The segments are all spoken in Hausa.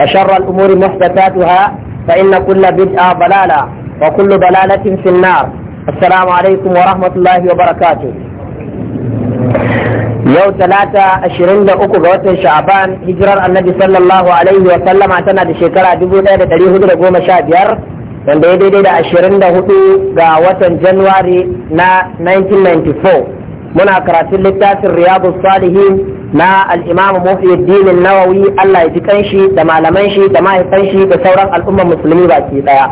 وشر الأمور محدثاتها فإن كل بدعة ضلالة وكل ضلالة في النار السلام عليكم ورحمة الله وبركاته yau talata ashirin da uku ga watan sha'aban hijirar annabi sallallahu alaihi wa sallama tana da shekara dubu ɗaya da ɗari da goma sha biyar wanda ya daidai da ashirin da ga watan januwari na 1994 muna karatun littafin riyadu salihin na al'imamu muhyiddin nawawi Allah ya ji kanshi da malaman shi da mahaifan shi da sauran al'ummar musulmi baki daya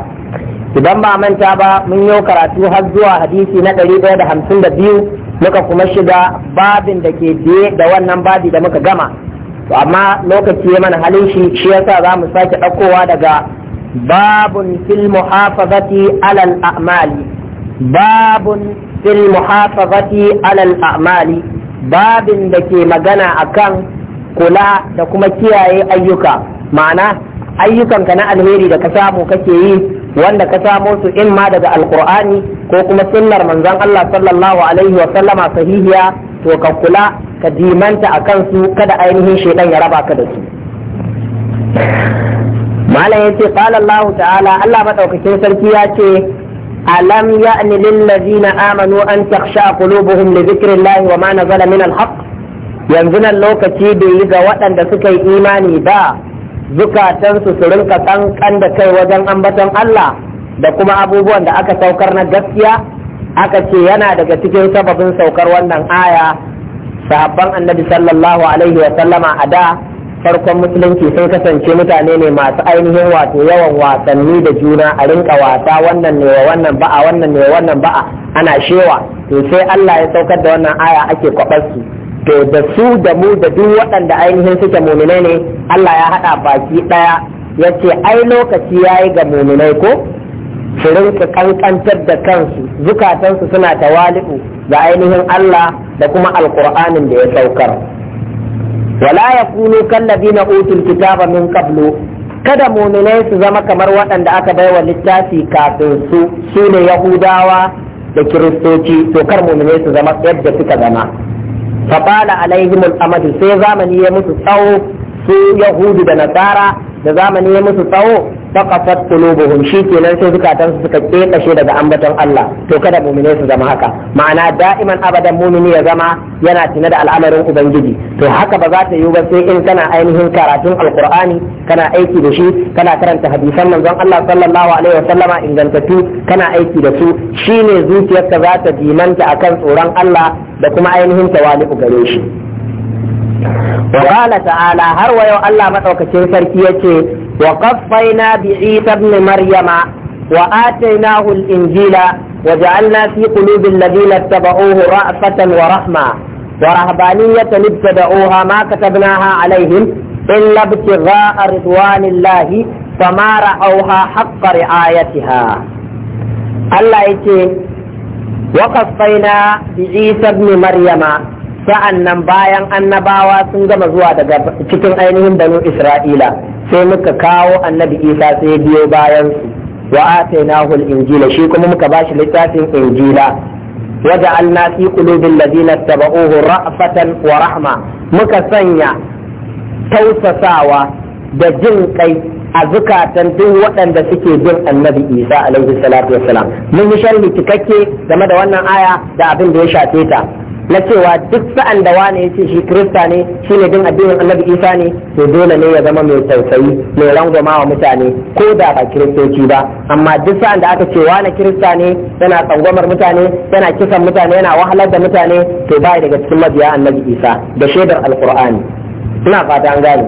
idan ba manta ba mun yi karatu har zuwa hadisi na ɗari ɗaya da hamsin da biyu muka kuma shiga babin da ke biye da wannan babi da muka gama to amma lokaci ya mana halin shi shi yasa za mu sake ɗaukowa daga babun fil muhafazati alal a'mali babun fil muhafazati alal a'mali babin da ke magana a kan kula da kuma kiyaye ayyuka ma'ana ayyukanka na alheri da ka samu kake yi wanda ka samo su in ma daga alkur'ani ko kuma sunnar manzon Allah sallallahu alaihi wa sallama sahihiya to ka kula ka dimanta akan su kada ainihin shaidan ya raba ka da su malam yace qala Allah ta'ala Allah madaukakin sarki ya ce ألم يأن للذين آمنوا أن تخشع قلوبهم لذكر الله وما نزل من الحق ينزل اللوكة بإذا وأن دسكي إيماني با زكاة تنسو سرنك da. دكي وجن أنبتن الله da kuma abubuwan da aka saukar na gaskiya aka ce yana daga cikin sababin saukar wannan aya sahabban annabi sallallahu alaihi wa sallama a da farkon musulunci sun kasance mutane ne masu ainihin wato yawan wasanni da juna a rinka wasa wannan ne wa wannan ba'a wannan ne wa wannan ba'a ana shewa to sai Allah ya saukar da wannan aya ake kwabar su to da su da mu da duk waɗanda ainihin suke muminai ne Allah ya haɗa baki ɗaya ya ce ai lokaci ya yi ga muminai ko su rinka kankantar da kansu zukatansu suna tawali'u ga ainihin Allah da kuma alkur'anin da ya saukar wala yakunu kallazina utul kitaba min kablo kada muminai su zama kamar waɗanda aka baiwa littafi kafin su su ne yahudawa da kiristoci to kar muminai su zama yadda suka zama faqala alaihimul amadu sai zamani ya musu tsawo su yahudu da nasara da zamani ya musu tsawo faqafat qulubuhum shikenan sai zukatansu suka kekashe daga ambaton Allah to kada mu'mine su zama haka ma'ana da'iman abadan mu'mini ya zama yana tuna da al'amarin ubangiji to haka ba za ta yiwu ba sai in kana ainihin karatun alqur'ani kana aiki da shi kana karanta hadisan manzon Allah sallallahu alaihi wasallama ingantattu kana aiki da su shine zuciyarka za ta dimanta akan tsoron Allah da kuma ainihin tawali'u gare shi wa qala ta'ala har wa yau Allah madaukakin sarki yace wa qaffayna bi isa ibn maryama wa atainahu al-injila wa ja'alna fi qulubi alladhina ittaba'uhu ra'fatan wa rahma wa rahbaniyatan ibtada'uha ma katabnaha alaihim illa ibtigha'a ridwanillahi fama ra'awha haqqa ri'ayatiha Allah yace wa qaffayna bi isa ibn maryama sa'an nan bayan annabawa sun gama zuwa daga cikin ainihin banu isra'ila sai muka kawo annabi isa sai biyo bayan su wa atainahu injila shi kuma muka bashi littafin injila wa ja'alna fi qulubil ladina tabauhu ra'fatan wa rahma muka sanya tausasawa da jin kai a zukatan duk waɗanda suke bin annabi isa alaihi salatu wassalam mun yi sharhi cikakke game da wannan aya da abin da ya shafe ta na cewa duk sa'an da ya yace shi kirista ne shi ne din addinin annabi isa ne to dole ne ya zama mai tausayi mai rangwama wa mutane ko da ba kiristoci ba amma duk sa'an da aka ce wane kirista ne yana tsangwamar mutane yana kisan mutane yana wahalar da mutane to ba daga cikin mabiya annabi isa da shaidar alkur'ani ina fata an gane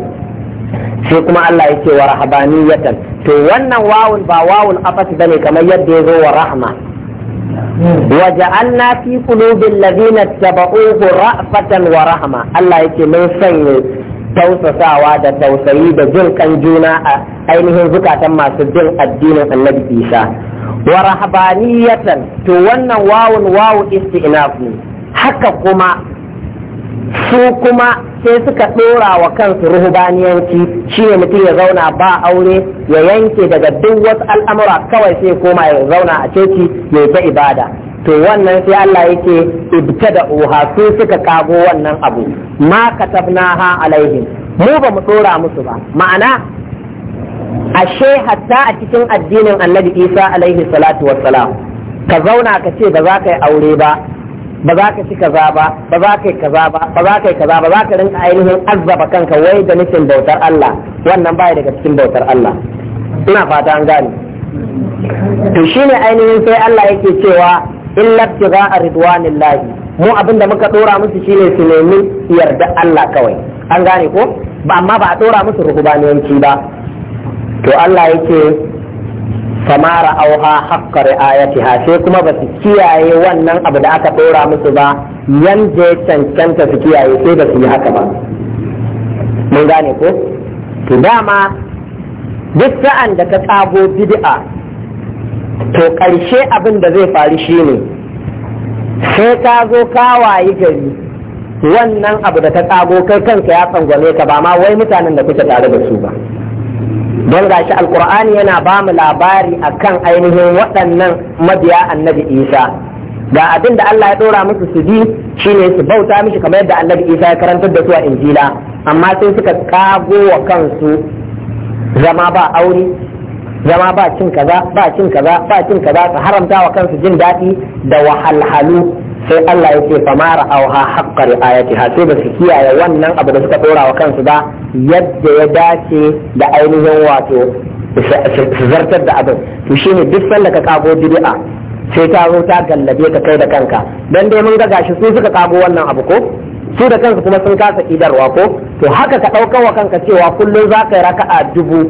sai kuma Allah ya ce wa rahabaniyatan to wannan wawun ba wawun afat bane kamar yadda ya zo wa rahma وجعلنا في قلوب الذين اتبعوه رأفة ورحمة الله يكي من سنة توسى ساوى دا توسعي دا جل كان جونا أينه زكاة تما سجل الدين النبي إيسا ورهبانية تونا واو واو استئنافني haka kuma su kuma sai suka ɗora wa kansu ruhubaniyanci shi ne mutum ya zauna ba aure ya yanke daga duk wasu al'amura kawai sai koma ya zauna a coci ya ta ibada to wannan sai Allah yake ibtada uha su suka kago wannan abu ma ha alaihim mu ba mu ɗora musu ba ma'ana ashe hatta a cikin addinin annabi isa alaihi salatu wassalam ka zauna ka ce ba za ka yi aure ba ba za ka ci kaza ba ba za ka yi kaza ba ba za ka yi kaza ba za ka rinka ainihin azzaba kanka wai da nufin bautar Allah wannan baya daga cikin bautar Allah ina fata an gane to shine ainihin sai Allah yake cewa illa ibtigha'a ridwanillahi mu abin da muka dora musu shine su nemi yarda Allah kawai an gane ko ba amma ba a dora musu ruhubaniyanci ba to Allah yake fama ra'auha haqqa ha, sai kuma ba su kiyaye wannan abu da aka ɗora musu ba yanda ya cancanta su kiyaye sai ba su yi haka ba mun gane ko to dama duk sa'an da ka tsago bid'a to ƙarshe abin da zai faru shine sai ka zo kawaye gari wannan abu da ka tsago kai kanka ya tsangwame ka ba ma wai mutanen da kuke tare da su ba don gashi alkur'ani yana ba mu labari a kan ainihin waɗannan mabiya annabi isa ga abin da Allah ya ɗora musu su bi shine su bauta mishi kamar yadda annabi isa ya karantar da su a injila amma sai suka kago wa kansu zama ba aure zama ba cin kaza ba cin kaza ba cin kaza su haramta wa kansu jin daɗi da wahalhalu sai Allah ya ce famara auha haqqar ayati ha sai ba su kiyaye wannan abu da suka dora wa kansu ba yadda ya dace da ainihin wato su zartar da abin to ne duk sanda ka kago bid'a sai ta zo ta gallabe ka kai da kanka dan dai mun ga gashi su suka kago wannan abu ko su da kansu kuma sun kasa idarwa ko to haka ka ɗaukar wa kanka cewa kullum za ka yi raka'a dubu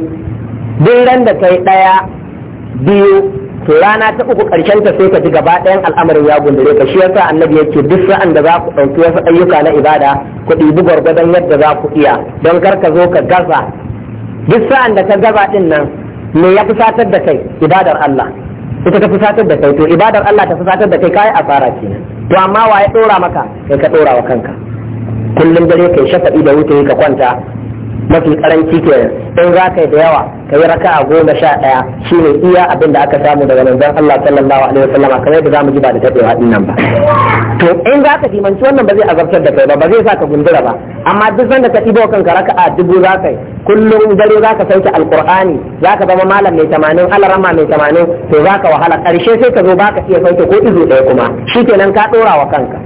duk ran da kai ɗaya biyu to rana ta uku karshen ta sai ka ji gaba ɗayan al'amarin ya gundure ka shi yasa annabi yake duk sa'an da za ku ɗauki wasu ayyuka na ibada ku ɗibi gwargwadon yadda za ku iya don kar ka zo ka gaza duk sa'an da ka gaza ɗin nan me ya fusatar da kai ibadar Allah ita ta fusatar da kai to ibadar Allah ta fusatar da kai kai asara ke, to amma wa ya ɗora maka kai ka ɗora wa kanka kullum dare kai shafa'i da wuce ka kwanta mafi karanci ke in za ka yi da yawa ka yi raka'a goma sha ɗaya shine iya abin da aka samu daga manzon Allah sallallahu alaihi wasallama kamar yadda zamu ji ba da tabewa din nan ba to in za ka dimanci wannan ba zai azabtar da kai ba ba zai sa ka gundura ba amma duk sanda ka ɗibo kanka raka'a dubu za ka yi kullum dare za ka sauke alkur'ani za ka zama malam mai tamanin alrama mai tamanin to za ka wahala ƙarshe sai ka zo ba ka iya sauke ko izu ɗaya kuma shi kenan ka ɗora wa kanka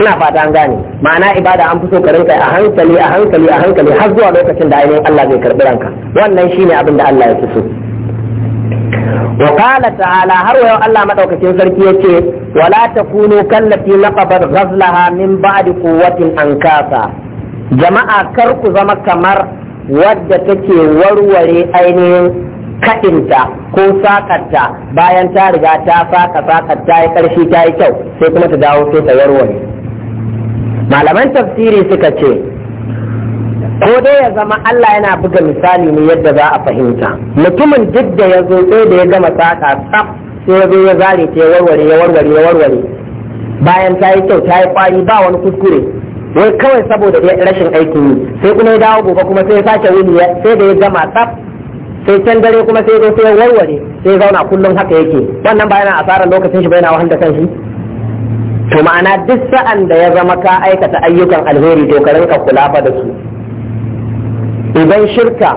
ina fata an gane ma'ana ibada an fi so kai a hankali a hankali a hankali har zuwa lokacin da ainihin Allah zai karbi ranka wannan shine abin da Allah ya fito wa qala ta'ala har wa Allah madaukakin sarki yace wala takunu kallati naqabat ghazlaha min ba'di quwwatin ankasa jama'a kar ku zama kamar wadda take warware ainihin kaɗinta ko sakarta bayan ta riga ta saka sakar ta yi ƙarshe ta yi kyau sai kuma ta dawo sai ta warware malaman tafsiri suka ce ko dai ya zama Allah yana buga misali ne yadda za a fahimta mutumin duk da ya zo sai da ya gama saka tsaf sai ya zo ya zare ta ya warware ya warware ya warware bayan ta yi kyau ta yi kwari ba wani kuskure wai kawai saboda rashin aikin yi sai kuma ya dawo gobe kuma sai ya sake wuni sai da ya gama tsaf sai can dare kuma sai ya zo sai ya warware sai ya zauna kullum haka yake wannan ba yana asarar lokacin shi ba yana wahal da kanshi to ma'ana duk sa'an da ya zama ka aikata ayyukan alheri to ka rinka kula fa da su idan shirka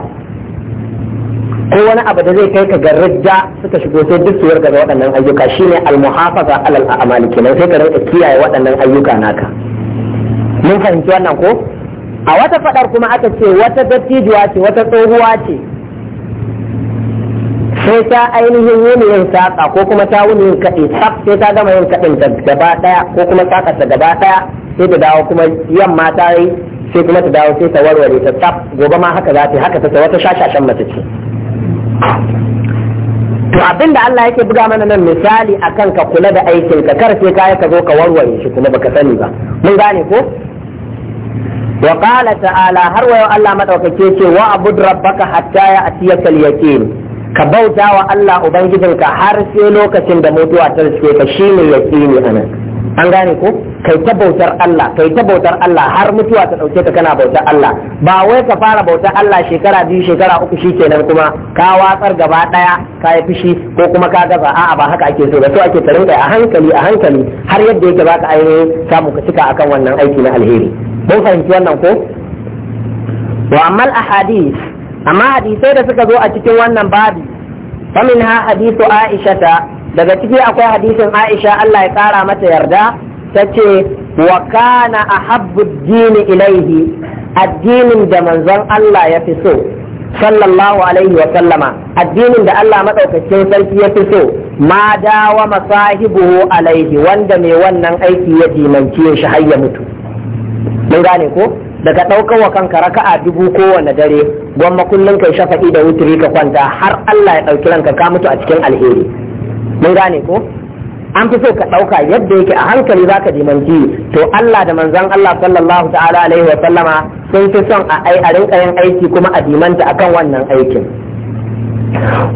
ko wani abu da zai kai ka ga rijja suka shigo sai duk su warga waɗannan ayyuka shine almuhafaza alal a'mali kenan sai ka rinka kiyaye waɗannan ayyuka naka mun fahimci wannan ko a wata fadar kuma aka ce wata dattijuwa ce wata tsohuwa ce sai ta ainihin yin yin saƙa ko kuma ta wuni yin kaɗi sak sai ta gama yin kaɗin gaba ɗaya ko kuma saƙarta gaba ɗaya sai ta dawo kuma yamma ta yi sai kuma ta dawo sai ta warware ta tsaf gobe ma haka za ta haka ta wata shashashan mace ce to abin da Allah yake buga mana nan misali akan ka kula da aikin ka kar sai kai ka zo ka warware shi kuma baka sani ba mun gane ko wa qala ta'ala har wa Allah madaukake ce wa abud rabbaka hatta atiyaka al-yaqin ka bauta wa Allah ubangijinka har sai lokacin da mutuwa ta suke ka shine a anan an gane ko kai ta bautar Allah kai ta bautar Allah har mutuwa ta ɗauke ka kana bautar Allah ba wai ka fara bautar Allah shekara biyu shekara uku shi, kenan kuma ka watsar gaba ɗaya ka yi fushi ko kuma ka gaza a'a ba haka ake so ba so ake tarin a hankali a hankali har yadda yake baka ainihin samu ka cika akan wannan aiki na alheri mun fahimci wannan ko wa amma al ahadith amma hadisai da suka zo a cikin wannan babi famin ha hadisu ta, daga ciki akwai hadisin aisha Allah ya kara mata yarda ta ce wa kana ahabbu dini ilaihi addinin da manzon Allah ya fi so sallallahu alaihi wa sallama addinin da Allah madaukakin sarki ya fi so ma dawa masahibuhu alaihi wanda mai wannan aiki ya dimance shi har ya mutu mun gane ko daga ɗaukar wa kanka raka'a dubu kowane dare gwamma kullum kai shafa'i da wuturi ka kwanta har Allah ya ɗauki ranka ka mutu a cikin alheri mun gane ko an fi so ka ɗauka yadda yake a hankali za ka dimanci to Allah da manzan Allah sallallahu ta'ala alaihi wa sallama sun fi son a ai a rinka yin aiki kuma a dimanta akan wannan aikin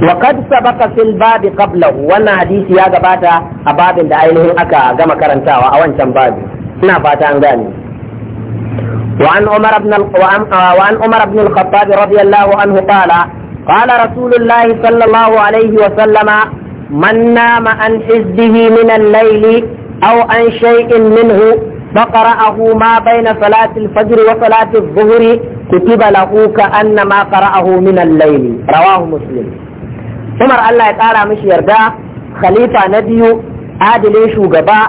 wa qad sabaqa fil bab qabla wannan hadisi ya gabata a babin da ainihin aka gama karantawa a wancan babi ina fata an gane وعن عمر بن آه، وعن عمر بن الخطاب رضي الله عنه قال قال رسول الله صلى الله عليه وسلم من نام عن حزبه من الليل أو عن شيء منه فقرأه ما بين صلاة الفجر وصلاة الظهر كتب له كأنما قرأه من الليل رواه مسلم عمر الله تعالى مش يرجع خليفة نبي عادل شو جبا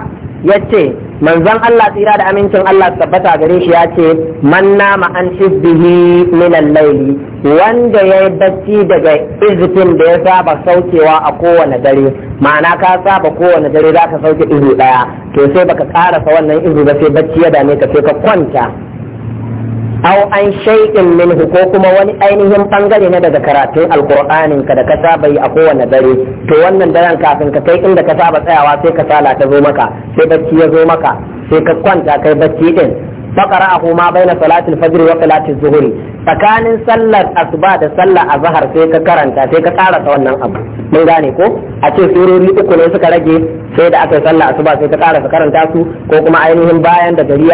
يتي manzon Allah tsira da amincin Allah tabbata gare shi ya ce man nama an hizbihi min al-layli wanda yayi bacci daga izfin da ya saba saukewa a kowane dare ma'ana ka saba kowane dare zaka sauke izu daya to sai baka karasa wannan izu ba sai bacci ya dame ka sai ka kwanta au an shay'in minhu ko kuma wani ainihin bangare na daga karatun alqur'anin ka da ka saba yi a kowane dare to wannan daren kafin ka kai inda ka saba tsayawa sai ka sala ta zo maka sai bacci ya zo maka sai ka kwanta kai bacci ɗin. فقرأه ما بين صلاة الفجر وصلاة الظهر فكان صلاة أصبع صلاة أظهر سيكا كرنتا سيكا كارة وانا أبو من غاني كو أتي سوري أكو ليس كرجي sai da aka sallah asuba sai ka ƙara karanta su ko kuma ainihin bayan da gari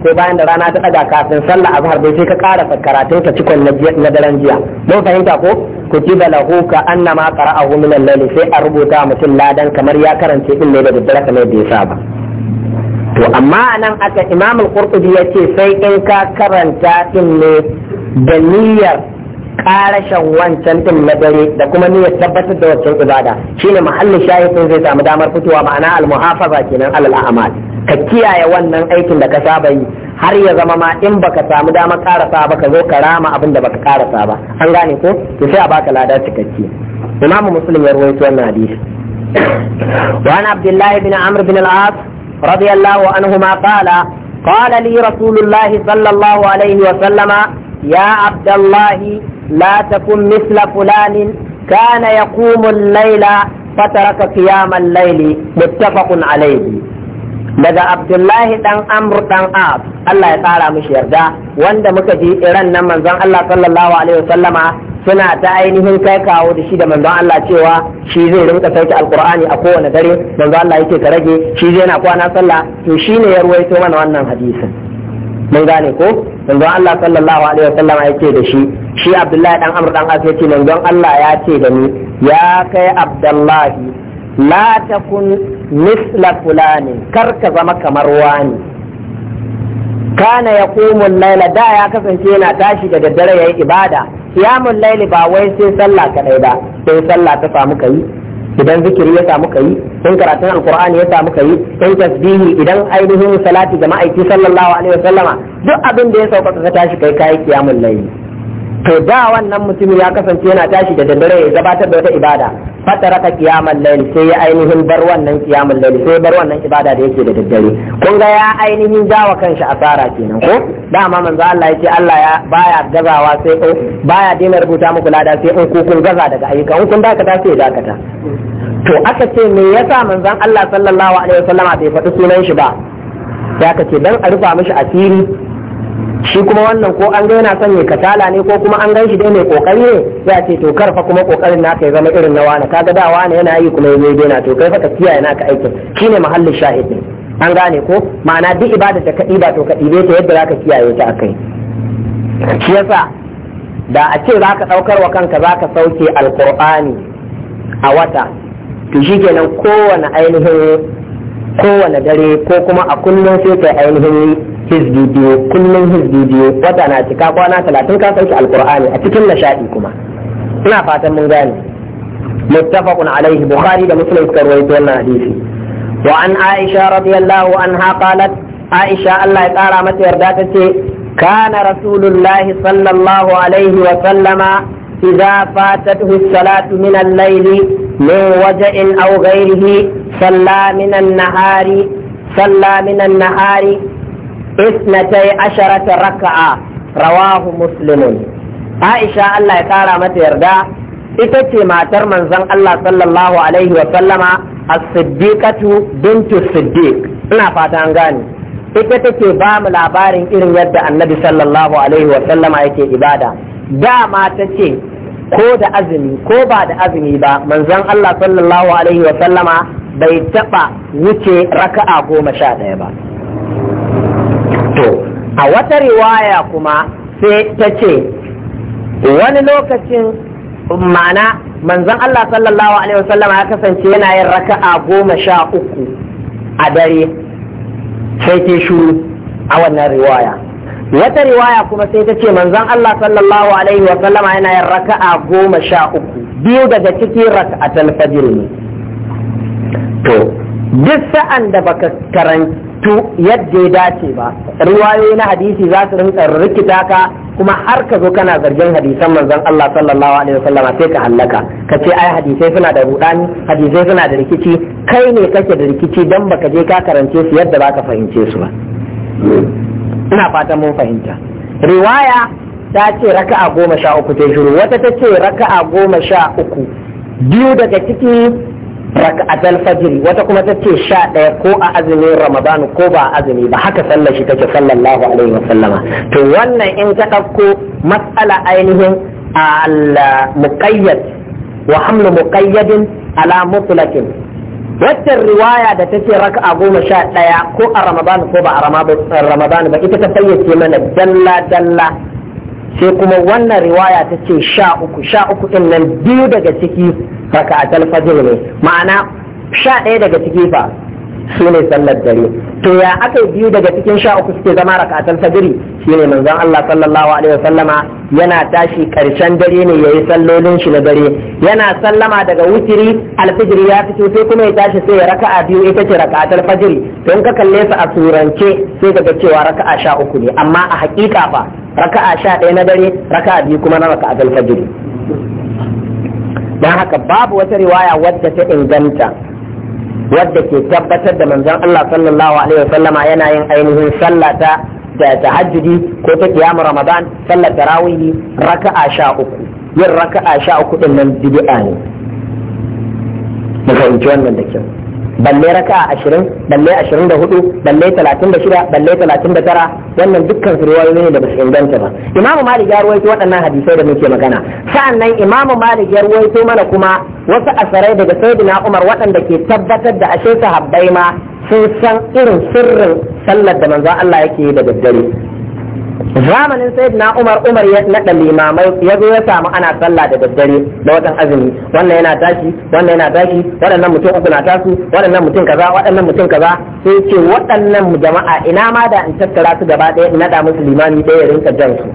ko bayan da rana ta ɗaga kafin sallah azahar bai sai ka ƙara karatun ta cikon na daren jiya mun fahimta ko kutiba lahu ka annama qara'ahu min al-layl sai a rubuta mutum ladan kamar ya karance din ne da daddare kamar bai saba to amma nan aka imam al-qurtubi yace sai in ka karanta din ne da niyyar karashen wancan din na dare da kuma niyyar tabbatar da wancan ibada shine mahallin shahidin zai samu damar fitowa ma'ana al-muhafaza kenan alal a'mal ka kiyaye wannan aikin da ka saba yi har ya zama ma in baka samu damar karasa ba ka zo ka rama abin da baka karasa ba an gane ko to sai a baka lada cikakke imam muslim ya rawaito wannan hadisi wa abdullahi bin amr bin al رضي الله عنهما قال قال لي رسول الله صلى الله عليه وسلم يا عبد الله لا تكن مثل فلان كان يقوم الليل فترك قيام الليل متفق عليه daga Abdullahi dan Amr dan Ab Allah ya tsara mishi yarda wanda muka ji iran nan manzon Allah sallallahu alaihi wasallama suna ta ainihin kai kawo da shi da manzon Allah cewa shi zai rinka sauke alkur'ani a kowane dare manzon Allah yake ka rage shi zai na kwana sallah to shine ya ruwaito mana wannan hadisin mun gane ko manzon Allah sallallahu alaihi wasallam yake da shi shi Abdullahi dan Amr dan As yace manzon Allah ya ce da ni ya kai Abdullahi la takun misla fulani kar ka zama kamar wani kana ya kumun laila da ya kasance yana tashi da daddare ya yi ibada kiyamun laili ba wai sai sallah kadai ba sai sallah ta samu kai idan zikiri ya samu kai in karatun alqur'ani ya samu kayi in tasbihi idan ainihin salati ga ma'aiki sallallahu alaihi wasallama duk abin da ya sauka ka tashi kai kai kiyamun laili to da wannan mutumin ya kasance yana tashi da daddare ya gabatar da wata ibada fataraka qiyamul layl sai ya ainihin bar wannan qiyamul layl sai bar wannan ibada da yake da daddare kun ga ya ainihin jawa kanshi asara kenan ko dama manzo Allah yace Allah ya baya gazawa sai ko baya dena rubuta muku lada sai in ku kun gaza daga ayyuka in kun dakata sai dakata to aka ce me yasa manzon Allah sallallahu alaihi wasallama bai faɗi sunan shi ba ya kace dan a rufa mishi asiri shi kuma wannan ko an ga yana son mai kasala ne ko kuma an gan shi dai mai kokari ne ya ce to karfa kuma kokarin naka ya zama irin na wani kaga da wani yana yi kuma yayi na. to kai fa ka kiyaye naka aikin shine mahallin shahid ne an gane ko ma'ana duk ibada da ka ba to ka ɗibe ta yadda zaka kiyaye ta akai shi yasa da a ce zaka daukar wa kanka zaka sauke alqur'ani a wata to kenan kowane ainihin kowane dare ko kuma a kullum sai kai ainihin hizbi biyu kullum hizbi biyu wata na cika kwana talatin ka sauki alkur'ani a cikin nishadi kuma ina fatan mun gane muttafaqun alaihi bukhari da muslim suka rawaito wannan hadisi wa an aisha radiyallahu anha qalat aisha Allah ya kara mata yarda ta tace kana rasulullahi sallallahu alaihi wa sallama إذا فاتته الصلاة من الليل من وجع أو غيره صلى من النهار صلى من النهار اثنتي عشرة ركعة رواه مسلم عائشة الله يقارى yarda ita itace matar manzon Allah sallallahu alaihi wa sallama as-siddiqatu bintu siddiq ina fata an gane ita take ba mu labarin irin yadda annabi sallallahu alaihi wa sallama yake ibada dama ta ce ko da azumi ko ba da azumi ba manzon Allah sallallahu alaihi wa sallama bai taba wuce raka'a goma sha ɗaya ba to a wata riwaya kuma sai ta ce wani lokacin mana manzon Allah sallallahu alaihi wasallama ya kasance yana yin raka'a goma sha uku a dare sai ta shuru a wannan riwaya wata riwaya kuma sai ta ce manzon Allah sallallahu alaihi wasallama yana yin raka'a goma sha uku biyu daga cikin raka'atul talfajir ne to duk sa'an da baka karantu yadda ya dace ba riwayoyi na hadisi za su rinka rikita ka kuma har ka zo kana zargin hadisan manzon Allah sallallahu alaihi wasallam sai ka hallaka ka ce ai hadisai suna da rudani hadisai suna da rikici kai ne kake da rikici dan baka je ka karance su yadda baka fahimce su ba ina fatan mun fahimta riwaya ta ce raka'a goma sha uku ta shiru wata ta ce raka'a goma sha uku biyu daga ciki raka'atul fajr wata kuma ta ce sha ɗaya ko a azumin ramadan ko ba azumi ba haka sallar shi take sallallahu alaihi wasallama to wannan in ka ɗauko matsala ainihin al-muqayyad wa hamlu muqayyadin ala mutlaqin waccan riwaya da take raka'a goma sha ɗaya ko a ramadan ko ba a ramadan ba ita ta fayyace mana dalla dalla sai kuma wannan riwaya ta ce sha uku sha uku ɗin nan biyu daga ciki raka a talfajir ne ma'ana sha ɗaya daga ciki fa su ne sallar dare to ya aka biyu daga cikin sha uku suke zama raka a talfajiri shi ne manzon Allah sallallahu alaihi wasallama yana tashi karshen dare ne yayi sallolin shi na dare yana sallama daga wutiri alfijiri ya fito sai kuma ya tashi sai ya raka'a biyu ita ce raka'atar talfajiri to in ka kalle su a surance sai ka ga cewa raka'a sha uku ne amma a hakika fa raka'a sha ɗaya na dare raka'a biyu kuma na raka'atar talfajiri don haka babu wata riwaya wadda ta inganta wadda ke tabbatar da manzon Allah sallallahu alaihi wasallama yana yin ainihin sallata da tahajjudi ko ta kiyamu ramadan sallar tarawihi raka'a sha uku yin raka'a sha uku din nan bid'a ne mu fahimci wannan da kyau balle raka ashirin balle ashirin da hudu balle talatin da shida balle talatin da tara wannan dukkan su ne da basu inganta ba imamu malik ya ruwaito waɗannan hadisai da muke magana sa'annan imamu malik ya ruwaito mana kuma wasu asarai daga sayyidina umar waɗanda ke tabbatar da ashe sahabbai ma sun san irin sirrin sallar da manzon Allah yake yi da daddare zamanin sai na umar umar ya naɗa limamai ya zo ya samu ana sallah da daddare da wajen azumi wannan yana tashi wannan yana tashi waɗannan mutum uku na tasu waɗannan mutum kaza waɗannan mutum kaza sai ce waɗannan jama'a ina ma da in tattara su gaba ɗaya in naɗa musu limami ɗaya ya rinka jan su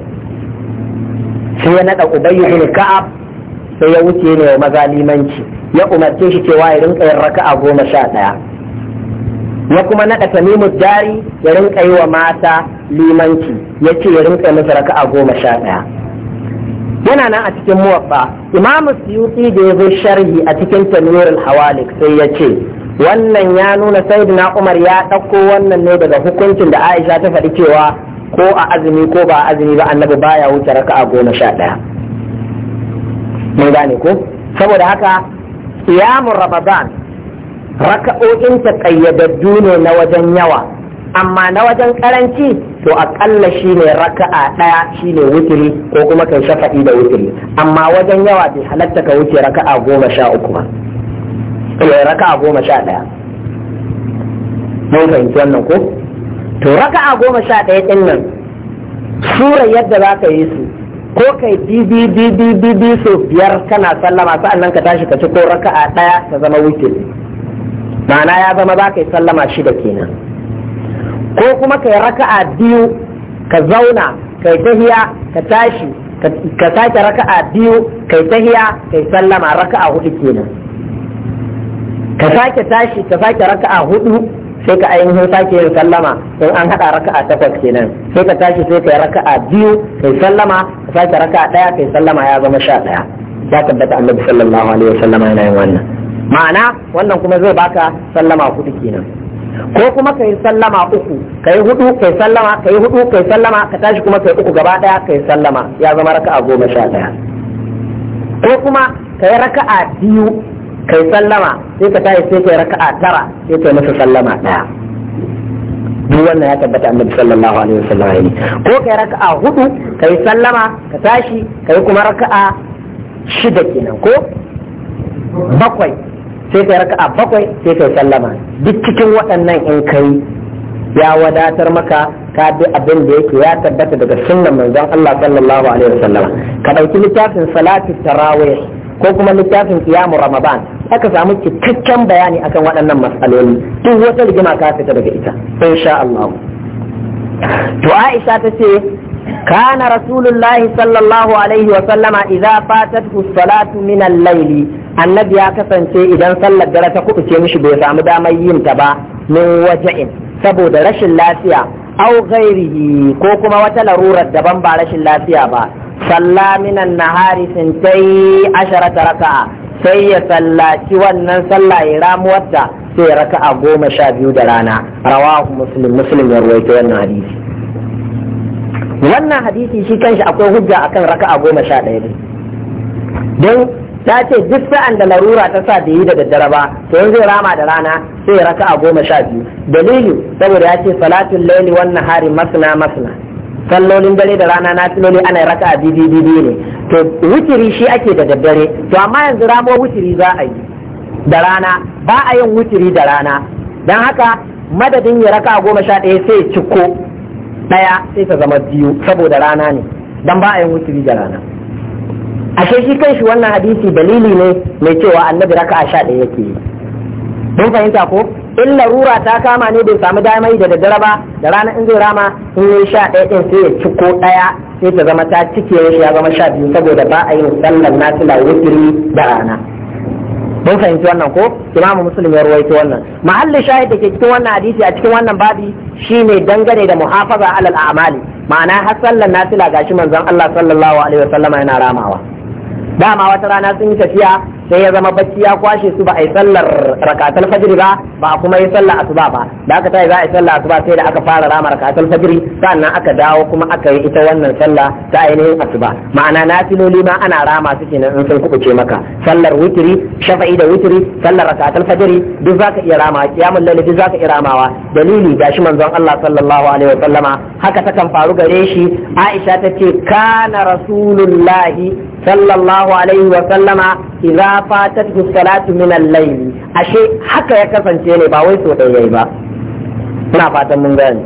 sai ya naɗa ubayyu bin ka'ab sai ya wuce ne wa maza limanci ya umarce shi cewa ya rinka yin raka'a goma sha ɗaya ya kuma naɗa tamimu Jari ya rinka yi wa mata limanci ya ce ya rinka musu a goma sha ɗaya yana nan a cikin muwaffa imamu suyuti da ya zo sharhi a cikin tanwirul hawalik sai ya ce wannan ya nuna sayyidina umar ya ɗauko wannan ne daga hukuncin da aisha ta faɗi cewa ko a azumi ko ba azumi ba annabi baya wuce raka'a goma sha ɗaya mun gane ko saboda haka siyamun ramadan raka'o'inta ƙayyadaddu ne na wajen yawa amma na wajen karanci to aƙalla shi ne raka'a ɗaya shi ne wutiri ko kuma kan shafa'i da wutiri amma wajen yawa bai halatta ka wuce raka'a goma sha uku ba raka'a goma sha ɗaya mun fahimci wannan ko to raka'a goma sha ɗaya ɗin nan sura yadda za ka yi su ko kai bibi bibi bibi so biyar kana sallama sa'annan ka tashi ka ci ko raka'a ɗaya ta zama wutiri ma'ana ya zama za ka yi sallama shida kenan ko kuma ka yi raka'a biyu ka zauna ka yi tahiya ka tashi ka sake raka'a biyu ka yi tahiya ka yi sallama raka'a hudu kenan ka sake tashi ka sake raka'a hudu sai ka ainihin sake yin sallama in an haɗa raka'a takwas kenan sai ka tashi sai ka yi raka'a biyu ka yi sallama ka sake raka'a ɗaya ka yi sallama ya zama sha ɗaya ya tabbata annabi sallallahu alaihi wasallam yana yin wannan ma'ana wannan kuma zai baka sallama hudu kenan ko kuma kai sallama uku kai hudu kai sallama kai hudu kai sallama ka tashi kuma kai uku gaba daya kai sallama ya zama raka'a goma sha daya ko kuma kai raka'a biyu kai sallama sai ka tashi sai kai raka'a tara sai kai masa sallama daya duk wannan ya tabbata annabi sallallahu alaihi wasallam ne ko kai raka'a hudu kai sallama ka tashi kai kuma raka'a shida kenan ko bakwai sai kai a bakwai sai kai sallama duk cikin waɗannan in kai ya wadatar maka ka bi abin da yake ya tabbata daga sunnan manzon Allah sallallahu alaihi wasallam ka dauki littafin salati tarawih ko kuma littafin kiyamu ramadan aka samu cikakken bayani akan waɗannan matsaloli duk wata rigima ka fita daga ita insha Allah to Aisha ta ce كان رسول الله صلى الله عليه وسلم إذا فاتته الصلاة من الليل النبي أكسن شيء إذا صلى الدرة كؤسي مش بيسام دام ينتبع من وجع سبود رش اللاسية أو غيره كوكما وتلرورة دبن برش اللاسية با صلى من النهار سنتي عشرة ركعة sai ya sallaci wannan sallah ya ramuwarta sai ya raka'a goma sha biyu da rana rawahu muslim muslim ya ruwaito wannan hadisi wannan hadisi shi kanshi akwai hujja akan raka a goma sha ɗaya ne don ta ce duk sa'an da larura ta sa da yi da daddare ba to yanzu zai rama da rana sai raka a goma sha biyu dalili saboda ya ce salatin laili wannan hari masna masna sallolin dare da rana na filoli ana raka a bibi ne to wuturi shi ake da daddare to amma yanzu ramo wuturi za a yi da rana ba a yin wuturi da rana don haka madadin ya raka a goma sha ɗaya sai ciko Ɗaya sai ta zama biyu saboda rana ne dan ba a yin wuturi da rana ashe shi shi wannan hadisi dalili ne mai cewa annabi raka'a sha ɗaya yake yi Don fahimta ko illa rura ta kama ne bai samu dama da daddare ba da rana in zai rama in yi sha ɗaya ɗin sai ya ciko ɗaya sai ta zama ta cike ya zama sha biyu saboda ba a yin sallar nafila wuturi da rana mun fahimci wannan ko imamu muslim ya ruwaito wannan mahallin shahid da ke cikin wannan hadisi a cikin wannan babi shine dangane da muhafaza alal a'mali ma'ana har sallan nafila gashi manzon Allah sallallahu alaihi wasallama yana ramawa dama wata rana sun yi tafiya sai ya zama bacci ya kwashe su ba a yi sallar rakatul fajiri ba ba a kuma yi sallar asuba ba da aka tayi za a yi sallar asuba sai da aka fara rama rakatul fajiri sannan aka dawo kuma aka yi ita wannan sallah ta ainihin asuba ma'ana nafiloli ma ana rama su kenan in sun kubuce maka sallar witri shafa'i da witri sallar rakatul fajiri, duk zaka iya rama kiyamul layl duk zaka iya ramawa dalili gashi manzon Allah sallallahu alaihi wa sallama haka ta kan faru gare shi Aisha ta ce kana rasulullahi sallallahu alaihi wa sallama idza fatar fatat salatu min al-layl ashe haka ya kasance ne ba wai so ɗaya ba ina fatan mun gane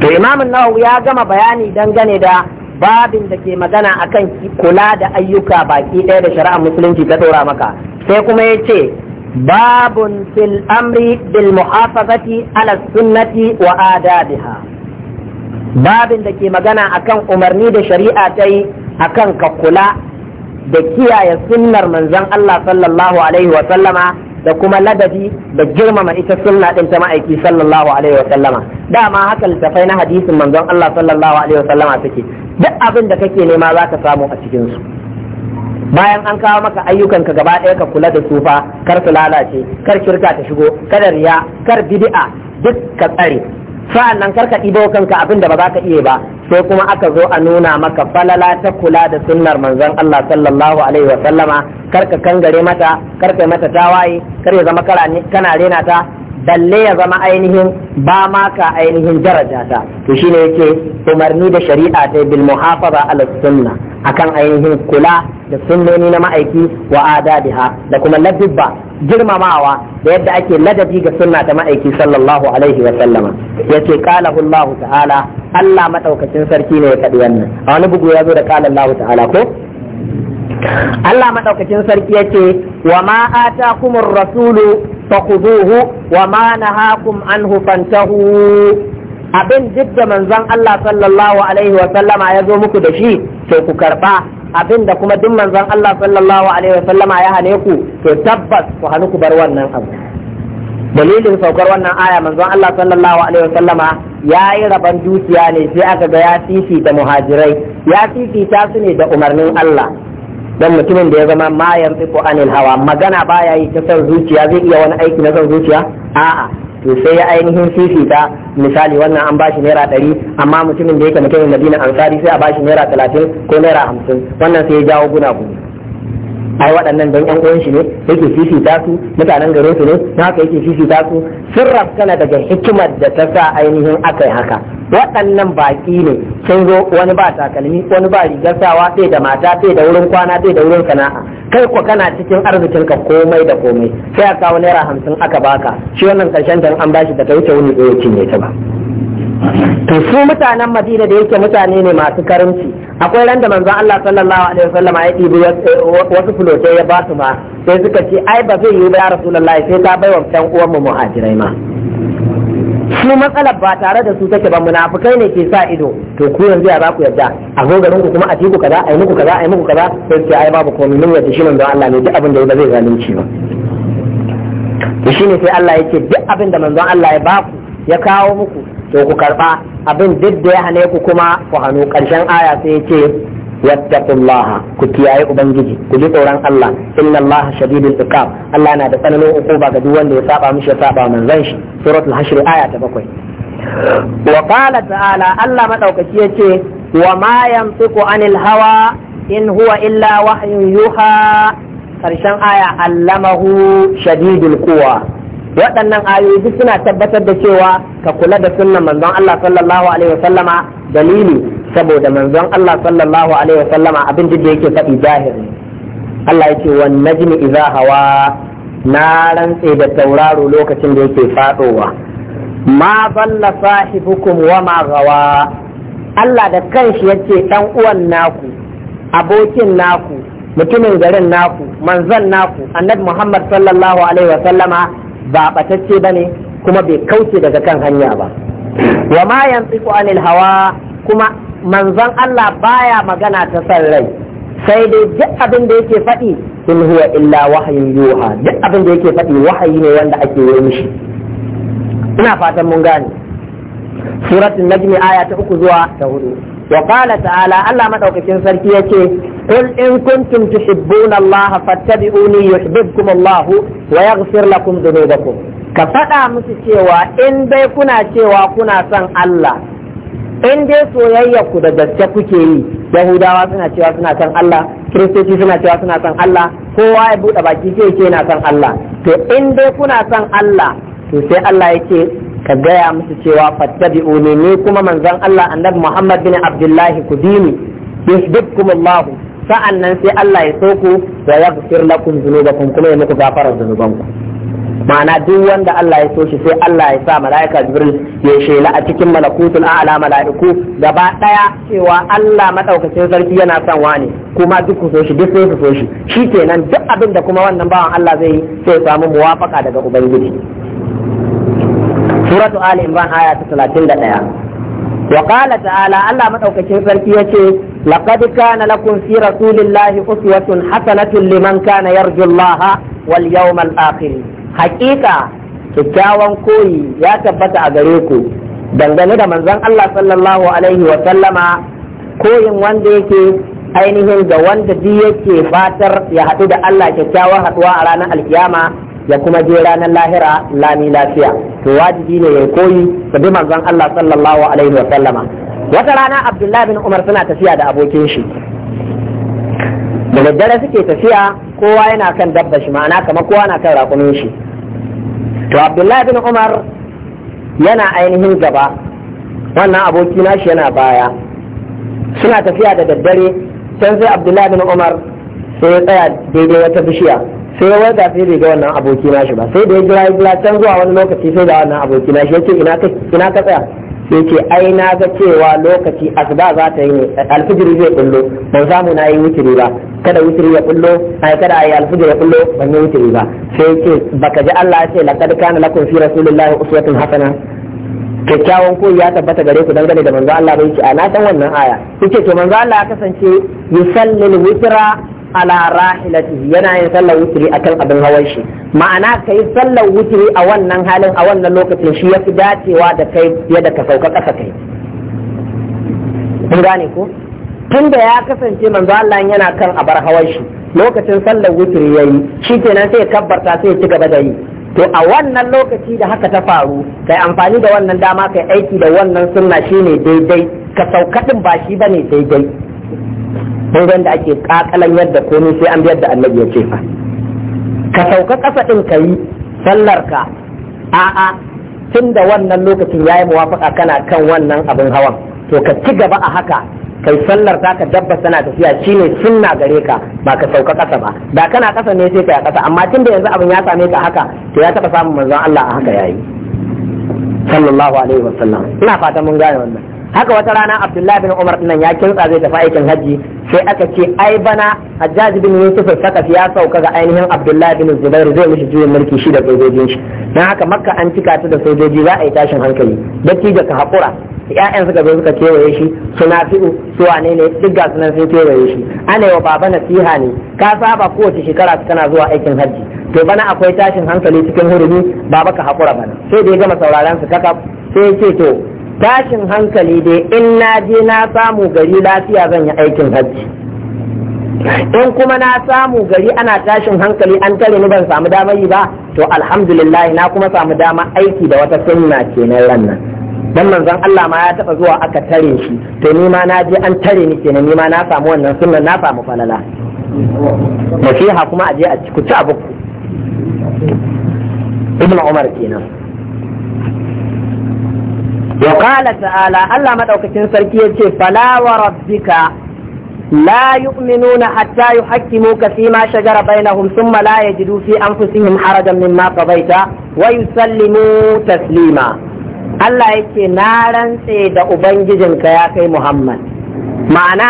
to imam an ya gama bayani dangane da babin da ke magana akan kula da ayyuka baki ɗaya da shari'ar musulunci ta dora maka sai kuma ya ce babun fil amri bil muhafazati ala sunnati wa adabiha babin da ke magana akan umarni da shari'a ta yi akan ka kula da kiyaye sunnar manzon Allah sallallahu alaihi wa sallama da kuma ladabi da girmama ita sunna din ta ma'aiki sallallahu alaihi wa sallama dama haka littafai na hadisin manzon Allah sallallahu alaihi wa sallama suke duk abin da kake nema za ka samu a cikin su bayan an kawo maka ayyukan ka gaba ɗaya ka kula da tsufa kar su lalace kar shirka ta shigo kada riya kar bid'a duk ka tsare sa'an nan karka ɗibo kanka abin da ba za ka iya ba sai kuma aka zo a nuna maka falala ta kula da sunnar manzon Allah sallallahu alaihi wa sallama karka kangare mata karka mata tawaye kar ya zama kana rena ta balle ya zama ainihin ba ma ka ainihin daraja ta to shine yake umarni da shari'a ta bil muhafaza ala sunna akan ainihin kula da sunnoni na ma'aiki wa adabiha da kuma ladibba girmamawa da yadda ake ladabi ga sunna ta ma'aiki sallallahu alaihi wa sallama yace qala Allah ta'ala Allah madaukakin sarki ne ya faɗi wannan a wani bugu ya zo da qala Allah ta'ala ko Allah madaukakin sarki ya ce wa ma atakumur rasulu fakhuduhu wa ma nahakum anhu fantahu abin duk da manzon Allah sallallahu alaihi wa sallama ya zo muku da shi to ku karba abin da kuma duk manzon Allah sallallahu alaihi wa sallama ya hane ku to tabbas ku hanu ku bar wannan abu dalilin saukar wannan aya manzon Allah sallallahu alaihi wasallama ya yi raban dukiya ne sai aka ga ya da muhajirai ya fifita su ne da umarnin Allah dan mutumin da ya zama ma ko anil hawa magana baya yi ta san zuciya zai iya wani aiki na san zuciya a'a to sai ya ainihin fifita misali wannan an bashi naira ɗari amma mutumin da yake mutumin madina ansari sai a bashi naira talatin ko naira hamsin wannan sai ya jawo guna guna ai waɗannan don yan uwan shi ne yake fifita su mutanen garin su ne na haka yake fifita su sun rafkana daga hikimar da ta sa ainihin akai haka waɗannan baƙi ne sun zo wani ba takalmi wani ba rigar sawa ɗaya da mata ɗaya da wurin kwana ɗaya da wurin sana'a kai ko kana cikin arzikinka komai da komai sai a kawo naira hamsin aka baka shi wannan karshen dan an bashi da ta wuce wuni ɗaya cinye ta ba to su mutanen madina da yake mutane ne masu karimci akwai ran da manzon Allah sallallahu alaihi wasallam ya ɗibi wasu fulote ya ba su ma sai suka ce ai ba zai yi ba ya rasulullahi sai ta bai wa dan uwan mu muhajirai ma su matsalar ba tare da su take ba munafikai ne ke sa ido to ku yanzu ya za ku yarda a zo garin ku kuma a tiku kaza a yi muku kaza a yi muku kaza sai ce ai babu komai mun yarda shi manzon Allah ne duk abin da ba zai zalunci ba to shine sai Allah yake duk abin da manzon Allah ya ba ku ya kawo muku to ku karba abin duk da ya hane ku kuma ku hannu karshen aya sai ya ce ku kiyaye ubangiji ku ji tsoron Allah inna Allah shadidul iqab Allah na da tsananin ukuba ga duk wanda ya saba mishi ya saba manzon shi suratul hashr aya ta bakwai wa qala ta'ala Allah madaukaki yace wa ma yamsiku anil hawa in huwa illa wahyun yuha karshen aya allamahu shadidul quwa waɗannan ayoyi suna tabbatar da cewa ka kula da sunnan manzon Allah sallallahu alaihi sallama dalili saboda manzon Allah sallallahu alaihi sallama abin da yake faɗi jahiri Allah yake wan najmi idza hawa na rantse da tauraro lokacin da yake fadowa ma balla sahibukum wa ma gawa Allah da kanshi yace dan uwan naku abokin naku mutumin garin naku manzon naku annabi Muhammad sallallahu alaihi sallama ba batacce bane kuma bai kauce daga kan hanya ba wa ma yantiqu anil hawa kuma manzon Allah baya magana ta san rai sai dai duk abin da yake faɗi in huwa illa wahayin yuha duk abin da yake faɗi wahayi ne wanda ake yi mishi ina fatan mun gane suratul najmi aya ta uku zuwa ta hudu wa qala ta'ala Allah madaukakin sarki yace qul in kuntum tuhibbuna Allah fattabi'uni yuhibbukum Allah wa yaghfir lakum dhunubakum ka faɗa musu cewa in dai kuna cewa kuna son Allah in dai soyayya ku da gaske kuke yi yahudawa suna cewa suna son Allah kiristoci suna cewa suna son Allah kowa ya buɗe baki sai ce yana son Allah to in dai kuna son Allah to sai Allah ya ce ka gaya musu cewa fattabi'u ne ni kuma manzon Allah annabi Muhammad bin Abdullahi ku bi ni yuhibbukum Allah sa'an nan sai Allah ya soku ku wa yaghfir lakum dhunubakum kuma ya muku gafara dhunubanku ma'ana duk wanda Allah ya so sai Allah ya sa mala'ika Jibril ya shela a cikin malakutul a'la mala'iku gaba daya cewa Allah madaukakin sarki yana son wani kuma duk ku so shi duk sai ku so shi shikenan duk abin da kuma wannan bawan Allah zai yi sai samu muwafaka daga ubangiji suratu ali imran aya ta 31 wa qala ta'ala Allah madaukakin sarki yace laqad kana lakum fi rasulillahi uswatun hasanatun liman kana yarju Allah wal yawmal akhir haqiqa kyakkyawan koyi ya tabbata a gare ku dangane da manzon Allah sallallahu alaihi wa sallama koyin wanda yake ainihin ga wanda duk yake fatar ya haɗu da Allah kyakkyawan haɗuwa a ranar alkiyama ya kuma je ranar lahira lami lafiya to wajibi ne ya koyi da bi manzon Allah sallallahu alaihi wa sallama wata rana Abdullahi bin Umar suna tafiya da abokin shi da daddare suke tafiya kowa yana kan dabba shi ma'ana kamar kowa na kan rakumin shi to Abdullahi bin Umar yana ainihin gaba wannan aboki nashi yana baya suna tafiya da daddare can sai Abdullahi bin Umar sai ya tsaya daidai wata bishiya sai ya wanda sai bai ga wannan aboki nashi ba sai da ya jira jira can zuwa wani lokaci sai da wannan aboki nashi Ya ina ka ina ka tsaya sai ce ai na ga cewa lokaci asuba za ta yi ne alfijiri zai kullo ban samu na yi wuturi ba kada wuturi ya kullo ai kada ai alfijiri ya kullo ban yi wuturi ba sai ce baka ji Allah ya ce laqad kana lakum fi rasulillahi uswatun hasana kyakkyawan koyi ya tabbata gare ku dangane da manzo Allah bai ce a na san wannan aya yace to manzo Allah ya kasance yusallil wutra ala rahilati yana yin sallar wuturi akan abin hawan shi ma'ana kai sallar wuturi a wannan halin a wannan lokacin shi yafi dacewa da kai fiye da ka sauka ƙasa kai kun gane ko tunda ya kasance manzo Allah yana kan abar hawan shi lokacin sallar wuturi yayi shi kenan sai ya kabbarta sai ya ci gaba da yi to a wannan lokaci da haka ta faru kai amfani da wannan dama kai aiki da wannan sunna shine daidai ka sauka ba shi bane daidai sai wanda ake kakalan yadda komai sai an biyar da annabi ya ce fa ka sauka kasa din ka yi sallar ka a'a tun da wannan lokacin ya yi muwafaka kana kan wannan abin hawan to ka ci gaba a haka kai sallar ta ka dabba tana tafiya shine sunna gare ka ba ka sauka kasa ba da kana kasa ne sai kai kasa amma tun da yanzu abin ya same ka haka to ya taba samun manzon Allah a haka yayi sallallahu alaihi wasallam ina fata mun gane wannan haka wata rana abdullahi bin umar nan ya kintsa zai tafi aikin hajji sai aka ce ai bana hajjaji bin yusuf sakafi ya sauka ga ainihin abdullahi bin zubairu zai mishi juyin mulki shi da sojojin shi dan haka makka an cika ta da sojoji za a yi tashin hankali dattijo ka haƙura ƴaƴan suka zo suka kewaye shi suna fi'u su wane ne duk ga sunan sun kewaye shi ana wa baba nasiha ne ka saba kowace shekara kana zuwa aikin hajji to bana akwai tashin hankali cikin hurumi baba ka haƙura bana sai da ya gama sauraron su kaka sai ya ce to tashin hankali dai in na je na samu gari lafiya zan yi aikin hajji in kuma na samu gari ana tashin hankali an tare ni ban samu damar yi ba to alhamdulillah na kuma samu dama aiki da wata sunna kenan rannan dan manzon Allah ma ya taba zuwa aka tare shi to ni ma na je an tare ni kenan ni ma na samu wannan sunna na samu falala nasiha kuma a je a ci ku ci abu ibnu umar kenan wa ta'ala Allah madaukakin sarki yace falawa wa rabbika la yu'minuna hatta yuhaqqimuka fi ma shajara bainahum thumma la an fi anfusihim harajan mimma qadaita wa sallimu taslima Allah yake na rantse da ubangijinka ya kai Muhammad ma'ana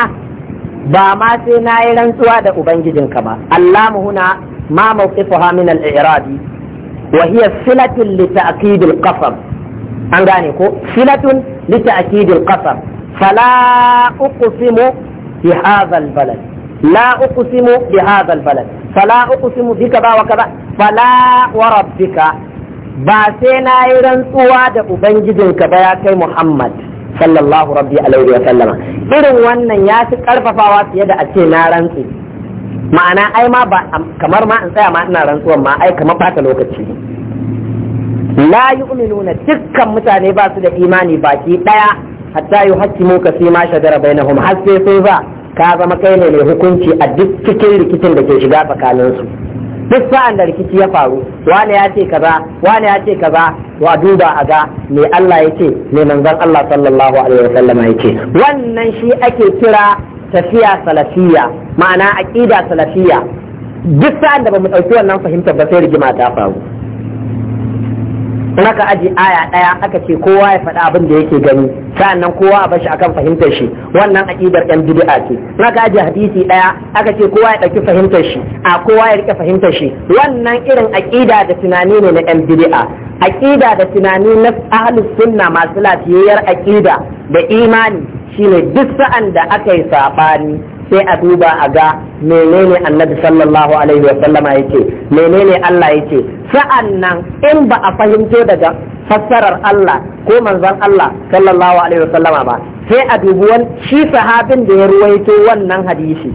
ba ma sai na yi rantsuwa da ubangijinka ba Allah huna ma mawqifuha min al-i'rabi wa hiya silatun li an gane ko filatun lita ta'kidil qasam fala uqsimu bi hadha al balad la uqsimu bi hadha al balad fala uqsimu bi kaza wa kaza fala wa rabbika ba sai na yi rantsuwa da ubangijinka ba ya kai muhammad sallallahu rabbi alaihi wa sallama irin wannan ya fi karfafawa fiye da a ce na rantsi ma'ana ai ma ba kamar ma in tsaya ma ina rantsuwa ma ai kamar bata lokaci la yu'minuna dukkan mutane ba su da imani baki ɗaya hatta yuhaqqimu ka fi ma shajara bainahum har sai sai ba ka zama kai ne mai hukunci a duk cikin rikicin da ke shiga tsakanin su duk sa'an da rikici ya faru wani ya ce kaza wani duba a ga me Allah ya ce me manzon Allah sallallahu alaihi wasallam ya ce wannan shi ake kira tafiya salafiya ma'ana aqida salafiya duk sa'an da bamu ɗauki wannan fahimtar ba sai rigima ta faru in aka aji aya ɗaya aka ce kowa ya faɗa abin da yake gani sa'annan kowa a bashi akan fahimtar shi wannan aqidar yan bid'a ce in aka aji hadisi ɗaya aka ce kowa ya ɗauki fahimtar shi a kowa ya rike fahimtar shi wannan irin aƙida da tunani ne na yan bid'a Aƙida da tunani na ahlus sunna masu lafiyayyar aqida da imani shine duk sa'an da aka yi sabani sai a duba a ga menene annabi sallallahu alaihi wa ya ce menene Allah ya sa'an nan in ba a fahimto daga fassarar Allah ko manzon Allah sallallahu alaihi wa sallama ba sai a dubi shi sahabin da ya ruwaito wannan hadisi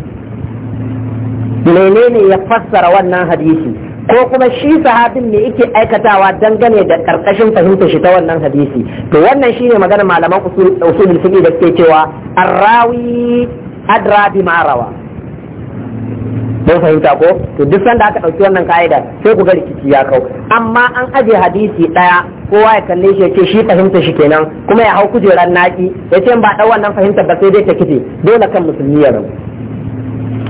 menene ya fassara wannan hadisi ko kuma shi sahabin ne yake aikatawa dangane da karkashin fahimta shi ta wannan hadisi to wannan shine maganar malaman usul fiqh da suke cewa arrawi adra bi ma rawa mun fahimta ko to duk sanda aka ɗauki wannan ka'ida sai ku ga rikici ya kau amma an aje hadisi daya kowa ya kalle shi ya shi fahimta shi kenan kuma ya hau kujerar naki ya ce ba ɗau wannan fahimta ba sai dai ta kife dole kan musulmi ya rabu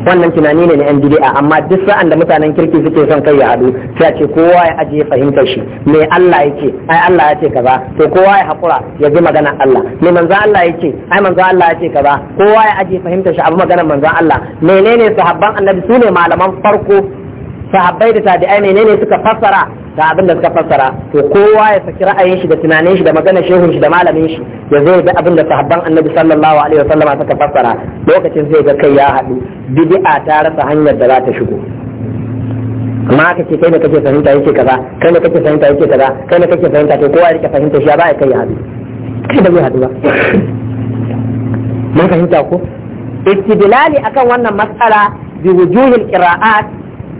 wannan tunani ne na yan bid'a amma duk sa'an da mutanen kirki suke son kai ya hadu sai a ce kowa ya ajiye fahimtar shi me Allah yake ai Allah ya ce kaza to kowa ya hakura ya ji magana Allah me manzo Allah yake ai manzo Allah ya ce kaza kowa ya ajiye fahimtar shi abu maganar manzo Allah menene sahabban annabi sune malaman farko sahabbai da tabi'ai menene suka fassara da abin da suka fassara to kowa ya saki ra'ayin shi da tunanin shi da maganar shehun shi da malamin shi ya zai ga abin da sahabban annabi sallallahu alaihi wasallama suka fassara lokacin zai ga kai ya haɗu bid'a ta rasa hanyar da za ta shigo amma aka ce kai da kake fahimta yake kaza kai da kake fahimta yake kaza kai da kake fahimta to kowa ya rike fahimta shi ba ya kai ya haɗu kai da zai haɗu ba mun fahimta ko istidlali akan wannan mas'ala bi wujuhil qira'at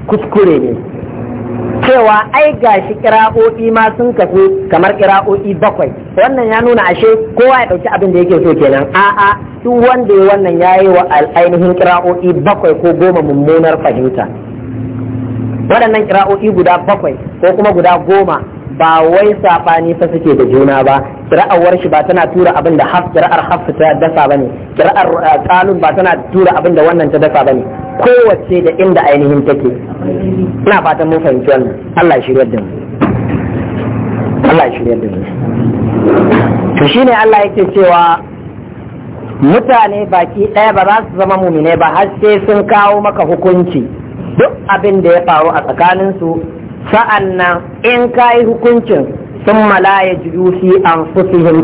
kuskure ne cewa ai gashi kira'o'i ma sun kasu kamar kira'o'i bakwai wannan ya nuna ashe kowa ya ɗauki abin da yake so kenan a'a duk wanda ya wannan ya yi wa ainihin kira'o'i bakwai ko goma mummunar fahimta waɗannan kira'o'i guda bakwai ko kuma guda goma ba wai saɓani fa suke da juna ba kira'awar shi ba tana tura abin da haf kira'ar haf ta dasa bane kira'ar qalun eh, ba tana tura abin da wannan ta dasa bane kowace da inda ainihin take ina fatan mun fahimci wannan Allah ya shirya da mu Allah ya shirya da mu to shine Allah yake cewa mutane baki ɗaya ba za su zama mumine ba har sai sun kawo maka hukunci duk abin da ya faru a tsakaninsu sa'an nan in ka hukuncin sun malaya jiru fi an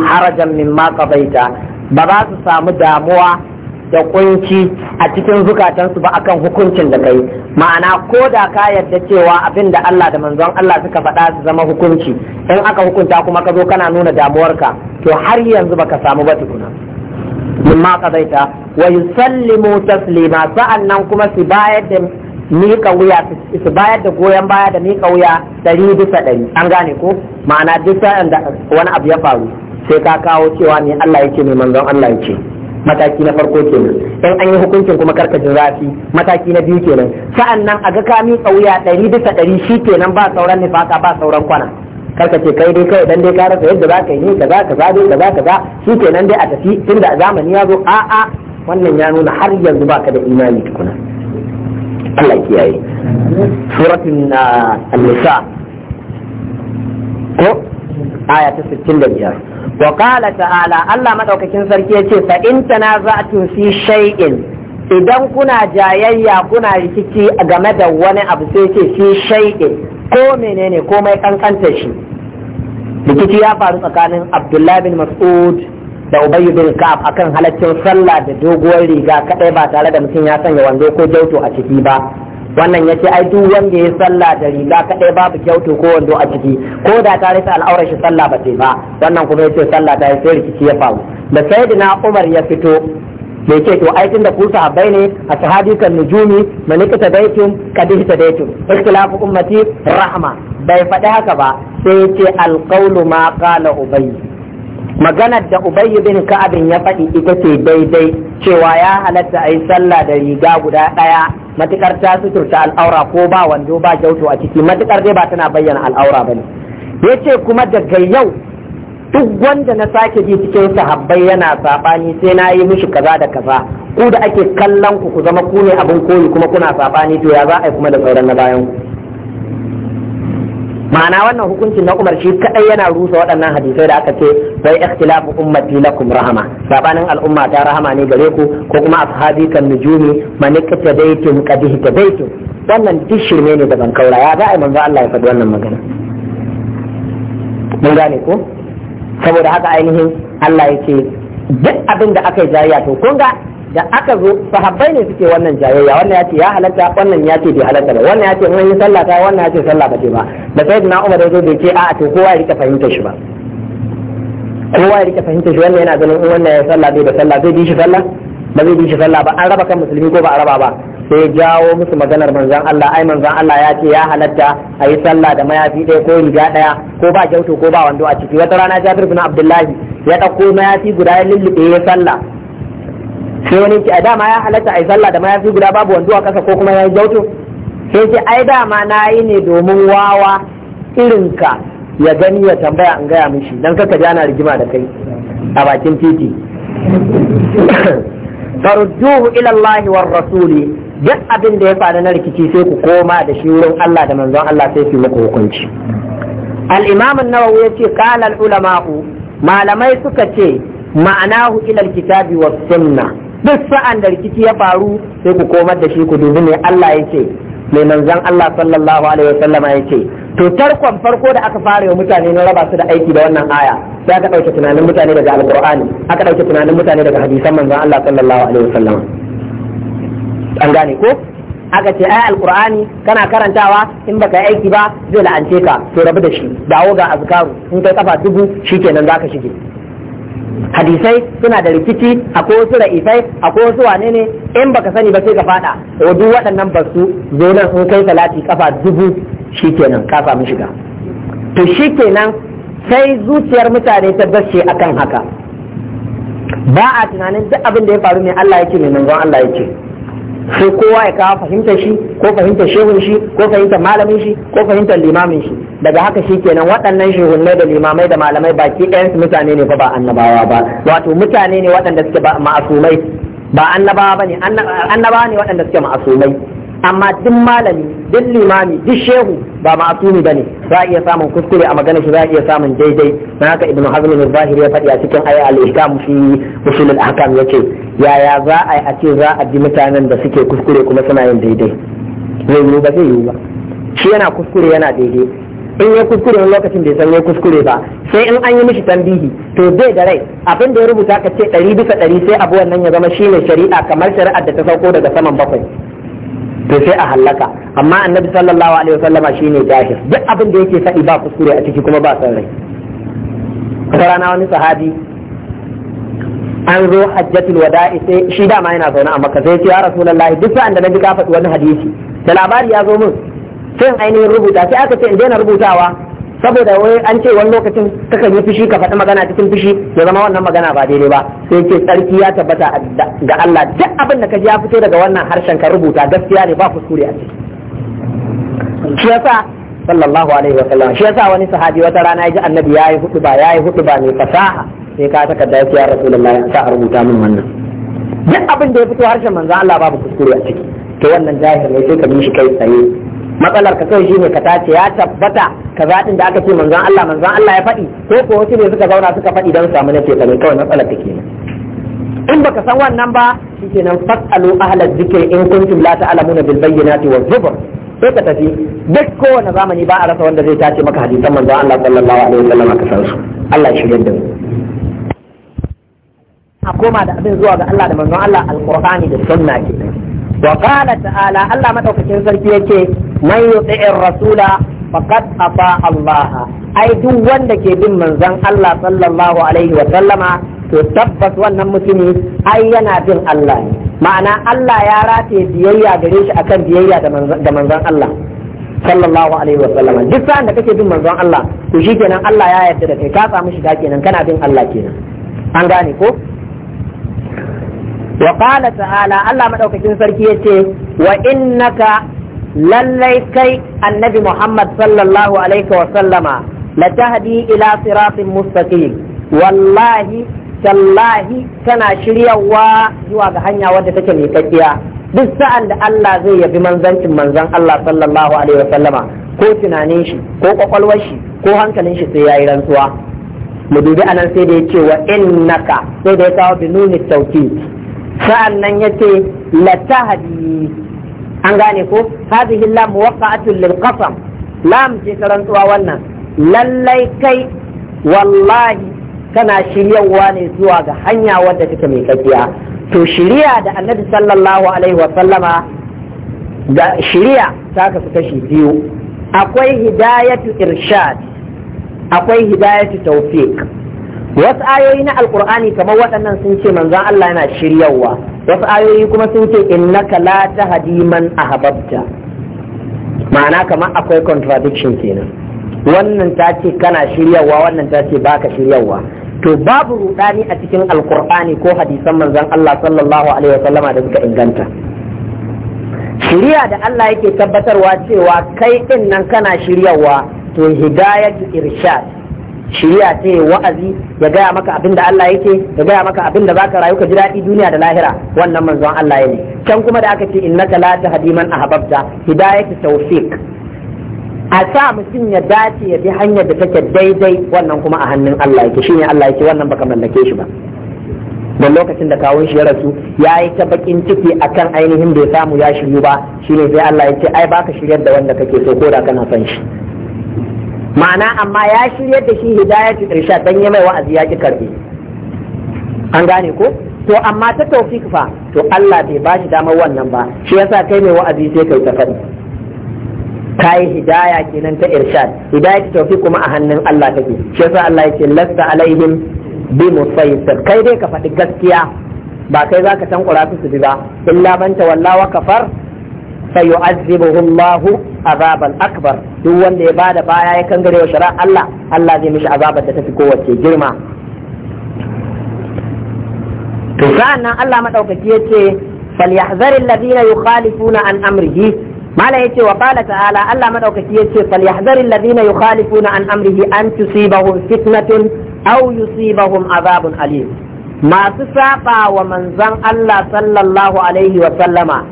harajan min ma ba za su samu damuwa da kunci a cikin zukatansu ba akan hukuncin da kai ma'ana ko da ka yarda cewa abin da Allah da manzon Allah suka faɗa su zama hukunci in aka hukunta kuma ka zo kana nuna damuwarka to har yanzu baka samu ba tukuna ma qadaita wa yusallimu taslima sa'annan kuma su bayar da mika wuya su bayar da goyon baya da mika wuya ɗari bisa ɗari an gane ko ma'ana duk sa'an da wani abu ya faru sai ka kawo cewa ne Allah yake ne manzon Allah yake mataki na farko kenan in an yi hukuncin kuma karka ji zafi mataki na biyu kenan sa'an nan a ga ka miƙa wuya ɗari bisa ɗari shi kenan ba sauran nifaka ba sauran kwana karka ce kai dai kawai dan dai ka rasa yadda za ka yi za kaza kaza dai kaza kaza shi kenan dai a tafi tunda zamani ya zo a'a wannan ya nuna har yanzu baka da imani tukuna Allah kiyaye suratul ah, nisa aya ta sittin biyar wa qala ta'ala Allah madaukakin sarki ya ce fa in tanaza'tum fi shay'in idan kuna jayayya kuna rikici game da wani abu sai ce fi shay'in ko menene komai kankanta shi rikici ya faru tsakanin Abdullah bin Mas'ud da Ubayy bin Ka'ab akan halaccin sallah da doguwar riga kadai ba tare da mutum ya sanya wando ko jauto a ciki ba wannan ya ce ai duk wanda ya sallah da riga kaɗai babu kyautu ko wando a ciki ko da ta rasa al'aurar shi sallah ba ba wannan kuma ya ce sallah ta yi sai rikici ya faru da sayyidina Umar ya fito ya ce to ai tunda kusa sahabbai ne a sahabi kan nujumi manika tadaitum kadih tadaitum ikhtilafu ummati rahma bai faɗi haka ba sai ya ce alqawlu ma qala ubayy maganar da ubayy bin ka'abin ya faɗi ita ce daidai cewa ya halatta a yi sallah da riga guda ɗaya matukar ta suturta al'aura ko ba wando ba jauto a ciki matukar dai ba tana bayyana al'aura ba ne ya ce kuma daga yau duk wanda na sake ji cikin sahabbai yana saɓani sai na yi mishi kaza da kaza ku da ake kallon ku ku zama ku ne abin koyi kuma kuna saɓani to ya za a yi kuma da sauran na bayan ku ma'ana wannan hukuncin na Umar shi kadai yana rusa waɗannan hadisai da aka ce bai ikhtilafu ummati lakum rahama sabanin al'umma ta rahama ne gare ku ko kuma ashabi kan nujumi man iktadaytum qad ihtadaytum wannan dishi ne ne daban kaura ya za a manzo Allah ya faɗi wannan magana mun gane ko saboda haka ainihin Allah yake duk abin da aka yi jariya to kun ga da aka zo sahabbai ne suke wannan jayayya wannan yace ya halatta wannan yace bai halatta ba wannan yace mun yi sallah ta wannan yace sallah ba ce ba da sai na Umar zo bai ce a to kowa ya rika fahimta shi ba kowa ya rika fahimta shi wannan yana ganin in wannan ya sallah bai da sallah zai bi shi sallah ba zai bi shi sallah ba an raba kan musulmi ko ba a raba ba sai ya jawo musu maganar manzon Allah ai manzon Allah ya ce ya halatta a yi sallah da mayafi ɗaya ko riga ɗaya ko ba jauto ko ba wando a ciki wata rana Jabir bin Abdullahi ya ɗauko mayafi guda ya lulluɓe ya sallah sai wani ce a dama ya halatta a yi sallah da mayafi guda babu wando a kasa ko kuma ya yi jautu sai ce ai dama na yi ne domin wawa irinka ya gani ya tambaya in gaya mishi don kaka ji ana rigima da kai a bakin titi farudduhu ilallahi war rasuli duk abin da ya faru na rikici sai ku koma da shi wurin Allah da manzon Allah sai su muku hukunci al-imam an-nawawi yace qala al-ulama'u malamai suka ce ma'anahu ila al-kitabi was sunnah duk sa'an da rikici ya faru sai ku komar da shi ku dubi ne Allah ya ce mai manzan Allah sallallahu alaihi wasallama ya ce to tarkon farko da aka fara wa mutane na raba su da aiki da wannan aya sai aka dauke tunanin mutane daga alqur'ani aka dauke tunanin mutane daga hadisan manzan Allah sallallahu alaihi wasallama an gane ko aka ce ai alqur'ani kana karantawa in baka aiki ba zai la'ance ka to rabu da shi dawo ga azkaru in kai kafa dubu shikenan zaka shige hadisai suna da rikici a akwai wasu ra'isai akwai wasu wane ne in baka sani ba sai ka faɗa. to duk waɗannan ba su zo sun kai salati kafa dubu shikenan ka samu shiga to shikenan sai zuciyar mutane ta bashe akan haka ba a tunanin duk abin da ya faru ne Allah yake ne manzon Allah yake sai kowa ya kawo fahimtar shi ko fahimtar shehun shi ko fahimtar malamin shi ko fahimtar limamin shi daga haka shi kenan waɗannan shehunnai da limamai da malamai baki ɗayan mutane ne fa ba annabawa ba wato mutane ne waɗanda suke ba ma'asumai ba annabawa ne? annabawa ne waɗanda suke ma'asumai amma duk malami duk limami duk shehu ba ma'asumi ne za a iya samun kuskure a magana shi za a iya samun daidai na haka ibnu hazm ne zahiri ya faɗi a cikin aya al-ihkam fi usul al-ahkam yace yaya za a a ce za a bi mutanen da suke kuskure kuma suna yin daidai zai yiwu ba zai yiwu ba shi yana kuskure yana daidai in ya kuskure wani lokacin bai san ya kuskure ba sai in an yi mishi tambihi to bai da rai abin da ya rubuta ka ce ɗari bisa ɗari sai abuwan nan ya zama shi ne shari'a kamar shari'ar da ta sauko daga saman bakwai to sai a hallaka amma annabi sallallahu alaihi wasallama shine jahil duk abin da yake faɗi ba kuskure a ciki kuma ba san rai wata rana wani sahabi an zo hajjatul wada'i sai shi dama yana zaune a makka sai ce ya rasulullahi duk sanda na ji ka faɗi wani hadisi da labari ya zo min sai ainihin rubuta sai aka ce in daina rubutawa saboda wai an ce wani lokacin kakan yi fushi ka faɗi magana cikin fushi ya zama wannan magana ba daidai ba sai ce tsarki ya tabbata ga Allah duk abin da ka ji ya fito daga wannan harshen ka rubuta gaskiya ne ba kuskure a ciki shi yasa sallallahu alaihi wa sallam shi yasa wani sahabi wata rana ya ji annabi ya hutuba yayi hutuba mai fasaha sai ka takarda ya ya rasulullahi sa a rubuta min wannan duk abin da ya fito harshen manzo Allah babu kuskure a ciki to wannan jahil ne sai ka bi shi kai tsaye matsalar ka kawai shine ka tace ya tabbata ka din da aka ce manzon Allah manzon Allah ya faɗi ko ko wasu ne suka zauna suka faɗi don samu na ceto ne kawai matsalar ka kenan in baka san wannan ba shikenan fasalu ahlal zikri in kuntum la ta'lamuna bil bayyinati wa zubur sai ka tafi duk kowane zamani ba a rasa wanda zai tace maka hadisan manzon Allah sallallahu alaihi wasallam ka san su Allah ya shirye da mu a koma da abin zuwa ga Allah da manzon Allah alqur'ani da sunna ke wa qala ta'ala Allah madaukakin sarki yake man yuti'ir rasula faqad afa Allah ai duk wanda ke bin manzon Allah sallallahu alaihi wa sallama to tabbas wannan mutumi ai yana bin Allah ne ma'ana Allah ya rataye biyayya gare shi akan biyayya da manzon Allah sallallahu alaihi wa sallama duk sa'an kake bin manzon Allah to shikenan Allah ya yarda da kai ka samu shiga kenan kana bin Allah kenan an gane ko ta'ala Allah madaukakin sarki yace wa innaka lallai kai annabi Muhammad sallallahu alaihi wa sallama la tahdi ila siratin mustaqim wallahi tallahi kana shiryawa zuwa ga hanya wadda take mai kakkiya duk sa'an da Allah zai yabi manzancin manzan Allah sallallahu alaihi wa sallama ko tunanin shi ko kwakwalwar shi ko hankalin shi sai yayi rantsuwa mu dubi anan sai da yace wa innaka sai da ya kawo bi nuni tawkid sa'an nan yace la tahdi an gane ko hadhihi lam muwaqqa'atun lil qasam lam ce karantuwa wannan lallai kai wallahi kana shiryawa ne zuwa ga hanya wadda take mai kakkiya to shirya da annabi sallallahu alaihi wa sallama da shirya ta kashi biyu akwai hidayatu irshad akwai hidayatu tawfiq wasu ayoyi na alkur'ani kamar waɗannan sun ce manzon Allah yana shiryawa wasu ayoyi kuma sun ce innaka la tahdi man ahbabta ma'ana kamar akwai contradiction kenan wannan ta ce kana shiryawa wannan ta ce baka shiryawa to babu rudani a cikin alkur'ani ko hadisan manzon Allah sallallahu alaihi wasallama da suka inganta shiriya da Allah yake tabbatarwa cewa kai din nan kana shiryawa to hidayatu irshad Shirya ce wa'azi ya gaya maka abin da Allah yake ya gaya maka abin da zaka rayu ka ji daɗi duniya da lahira wannan manzon Allah ya ne can kuma da aka ce innaka la tahdi man ahbabta hidayatu tawfiq a sa mutum ya dace ya bi hanyar da take daidai wannan kuma a hannun Allah yake shine Allah yake wannan baka mallake shi ba don lokacin da kawun shi ya rasu ya yi ta bakin ciki akan ainihin da ya samu ya shiryu ba shine sai Allah ya ce ai baka shiryar da wanda kake so ko da kana son shi ma'ana amma ya shirya da shi Hidaya ta irshad dan ya mai wa'azi ya ki karbi an gane ko to amma ta tawfik fa to Allah bai ba shi damar wannan ba shi yasa kai mai wa'azi sai kai ta fadi kai hidaya kenan ta irshad Hidaya ta tawfik kuma a hannun Allah take shi yasa Allah yake lasta alaihim bi musayyir kai dai ka faɗi gaskiya ba kai zaka tankura su su bi ba illa banta wallawa kafar fayu'azzibuhu Allahu azaban akbar duk wanda ya bada baya ya kangare wa shari'a Allah Allah zai mishi azabar da tafi kowace girma to sa'annan Allah madaukaki yace falyahzaril ladina yukhalifuna an amrihi mala yace wa qala ta'ala Allah madaukaki yace falyahzaril ladina yukhalifuna an amrihi an tusibahum fitnatun aw yusibahum azabun alim masu saba wa manzon Allah sallallahu alaihi wa sallama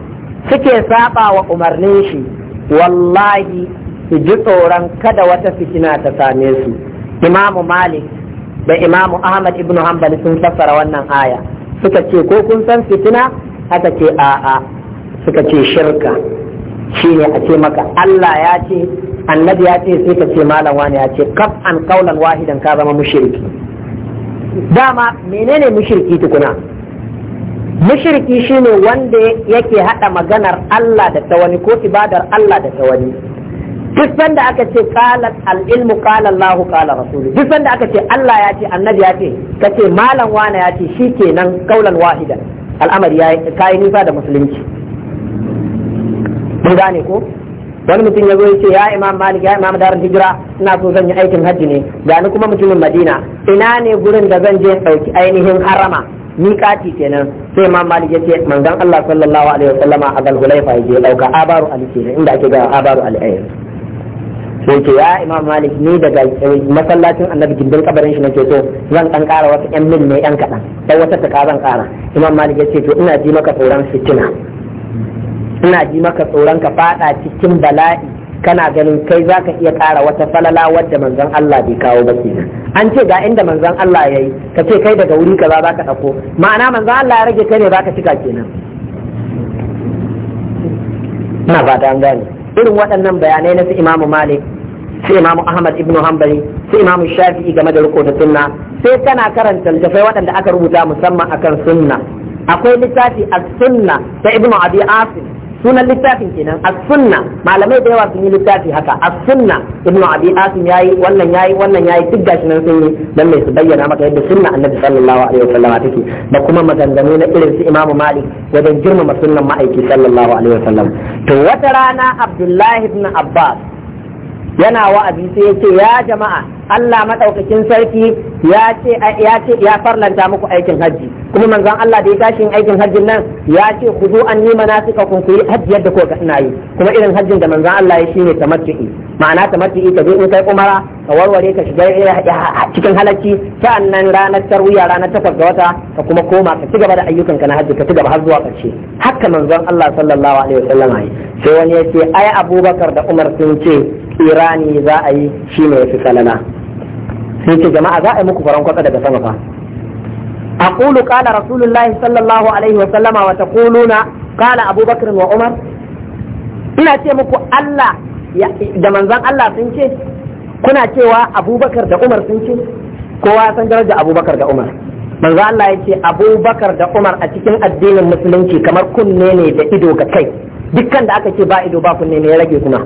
suke saba wa umarnin shi wallahi su ji tsoron kada wata fitina ta same su imamu malik da imamu ahmad ibn hanbali sun fassara wannan aya suka ce ko kun san fitina Haka ce a'a suka ce shirka shine a ce maka Allah ya ce annabi ya ce sai ka ce malam wani ya ce kaf an kaulan wahidan ka zama mushriki dama menene mushriki tukuna mushriki shine wanda yake hada maganar Allah da ta wani ko ibadar Allah da ta wani duk sanda aka ce qalat al ilmu qala Allah qala rasul duk sanda aka ce Allah ya ce annabi ya ce kace malam wani ya ce shikenan kaulan wahida al'amari ya kai nisa da musulunci mun gane ko wani mutum ya zo ya ce ya imam malik ya imam darul hijira ina so zan yi aikin hajji ne ga ni kuma mutumin madina ina ne gurin da zan je dauki ainihin harama miƙati kenan sai ma malik ya ce manzon Allah sallallahu alaihi wasallama a gal hulaifa ya je dauka abaru ali kenan inda ake ga abaru al ayyar sai ce ya imam malik ni daga eh, masallacin annabi gindin kabarin shi nake so zan dan ƙara wasu yan mil ne yan kaɗan sai wata ta zan ƙara imam malik ya ce to ina ji maka tsoron fitina ina ji maka tsoron ka fada cikin bala'i kana ganin kai za ka iya ƙara wata falala wadda manzon Allah bai kawo ba kenan an ce ga inda manzon Allah ya yi ka ce kai daga wuri kaza za ka ɗauko ma'ana manzon Allah ya rage kai ne za ka cika kenan ina fata an gane irin waɗannan bayanai na su imamu malik su imamu ahmad ibnu hanbali su imamu shafi'i game da riko da sunna sai kana karanta littafai waɗanda aka rubuta musamman akan sunna akwai littafi as-sunna ta ibnu abi asim sunan littafin kenan as-sunna malamai da yawa sun yi littafi haka as-sunna ibnu abi asim yayi wannan yayi wannan yayi duk gashi nan sun yi dan mai su bayyana maka yadda sunna annabi sallallahu alaihi wasallam take da kuma maganganu na irin su imam malik wajen girmama sunnan ma'aiki sallallahu alaihi wasallam to wata rana abdullahi ibn abbas yana wa'azi sai yace ya jama'a Allah madaukakin sarki ya ce ya ce ya farlanta muku aikin hajji kuma manzon Allah da ya tashi aikin hajjin nan ya ce ku zo an yi na suka kun kuyi hajji yadda ko ga ina yi kuma irin hajjin da manzon Allah ya shine tamattu'i ma'ana tamattu'i ka zo in kai umara ka warware ka shiga eh, cikin halacci sa'annan ranar tarwiya ranar takwas ga wata ka kuma koma ka ci gaba da ayyukan ka na hajji ka ci gaba har zuwa ƙarshe haka manzon Allah sallallahu alaihi wasallam ya sai wani ya ce ai Abubakar da Umar sun ce irani za a yi shine ya fi salala sai ce jama'a za a yi muku faran kwatsa daga sama fa أقول قال rasulullahi sallallahu alaihi wa عليه wa وتقولون قال abubakar wa umar ina ce muku Allah da manzon Allah sun ce kuna cewa abubakar da umar sun ce kowa san daraja abubakar da umar manzo Allah ya ce abubakar da umar a cikin addinin musulunci kamar kunne ne da ido ga kai dukkan da aka ce ba ido ba kunne ne ya rage kuma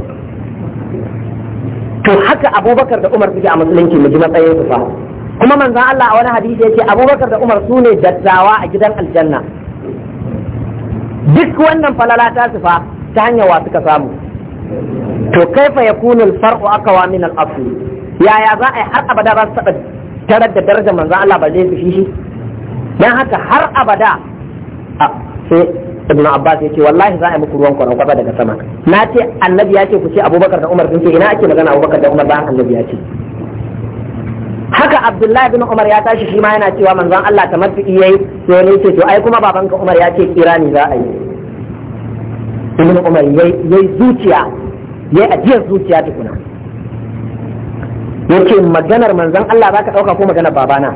to haka abubakar da umar suke a musulunci mu ji matsayin su fa kuma manzon Allah a wani hadisi yace Abubakar da Umar sune dattawa a gidan aljanna duk wannan falala ta sifa ta hanyar wa suka samu to kaifa yakunu al-far'u akawa min al-asli yaya za a har abada ba su taba tarar da darajar manzon Allah ba zai su shi dan haka har abada sai ibn abbas ya ce wallahi za a yi muku ruwan kwaron kwaba daga sama na ce annabi ya ce ku ce abubakar da umar sun ce ina ake magana abubakar da umar ba annabi ya ce haka abdullahi bin umar ya tashi shi ma yana cewa manzon Allah ta mafi yi to ne ce to ai kuma babanka umar ya ce kira ni za a yi ibn umar yayi zuciya yayi ajiyar zuciya tukuna yace maganar manzon Allah ka dauka ko maganar babana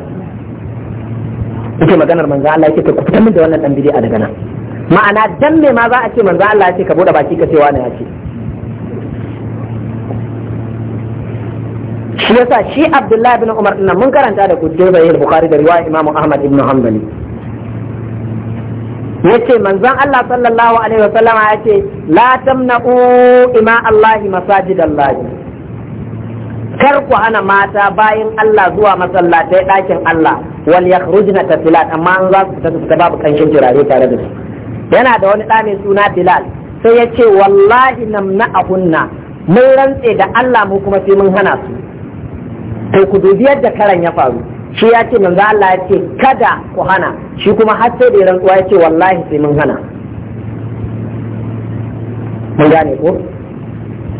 yace maganar manzon Allah ce ka fitar min da wannan dan bid'a daga nan ma'ana dan me ma za a ce manzon Allah ya ce ka bude baki ka ce wani ya ce shi yasa shi abdullahi bin umar dinnan mun karanta da da yin bukhari da riwaya imamu ahmad ibn hanbali yace manzon Allah sallallahu alaihi wasallam yace la u ima Allah masajidallah kar ku hana mata bayan Allah zuwa masallatai ɗakin Allah wal ta tafilat amma an za su fita su fita babu kanshin turare tare da su yana da wani ɗa mai suna Bilal sai ya ce wallahi namna'ahunna mun rantse da Allah mu kuma sai mun hana su to ku dubi yadda karan ya faru shi ya ce manzo Allah ya ce kada ku hana shi kuma har sai da rantsuwa ya ce wallahi sai mun hana mun gane ko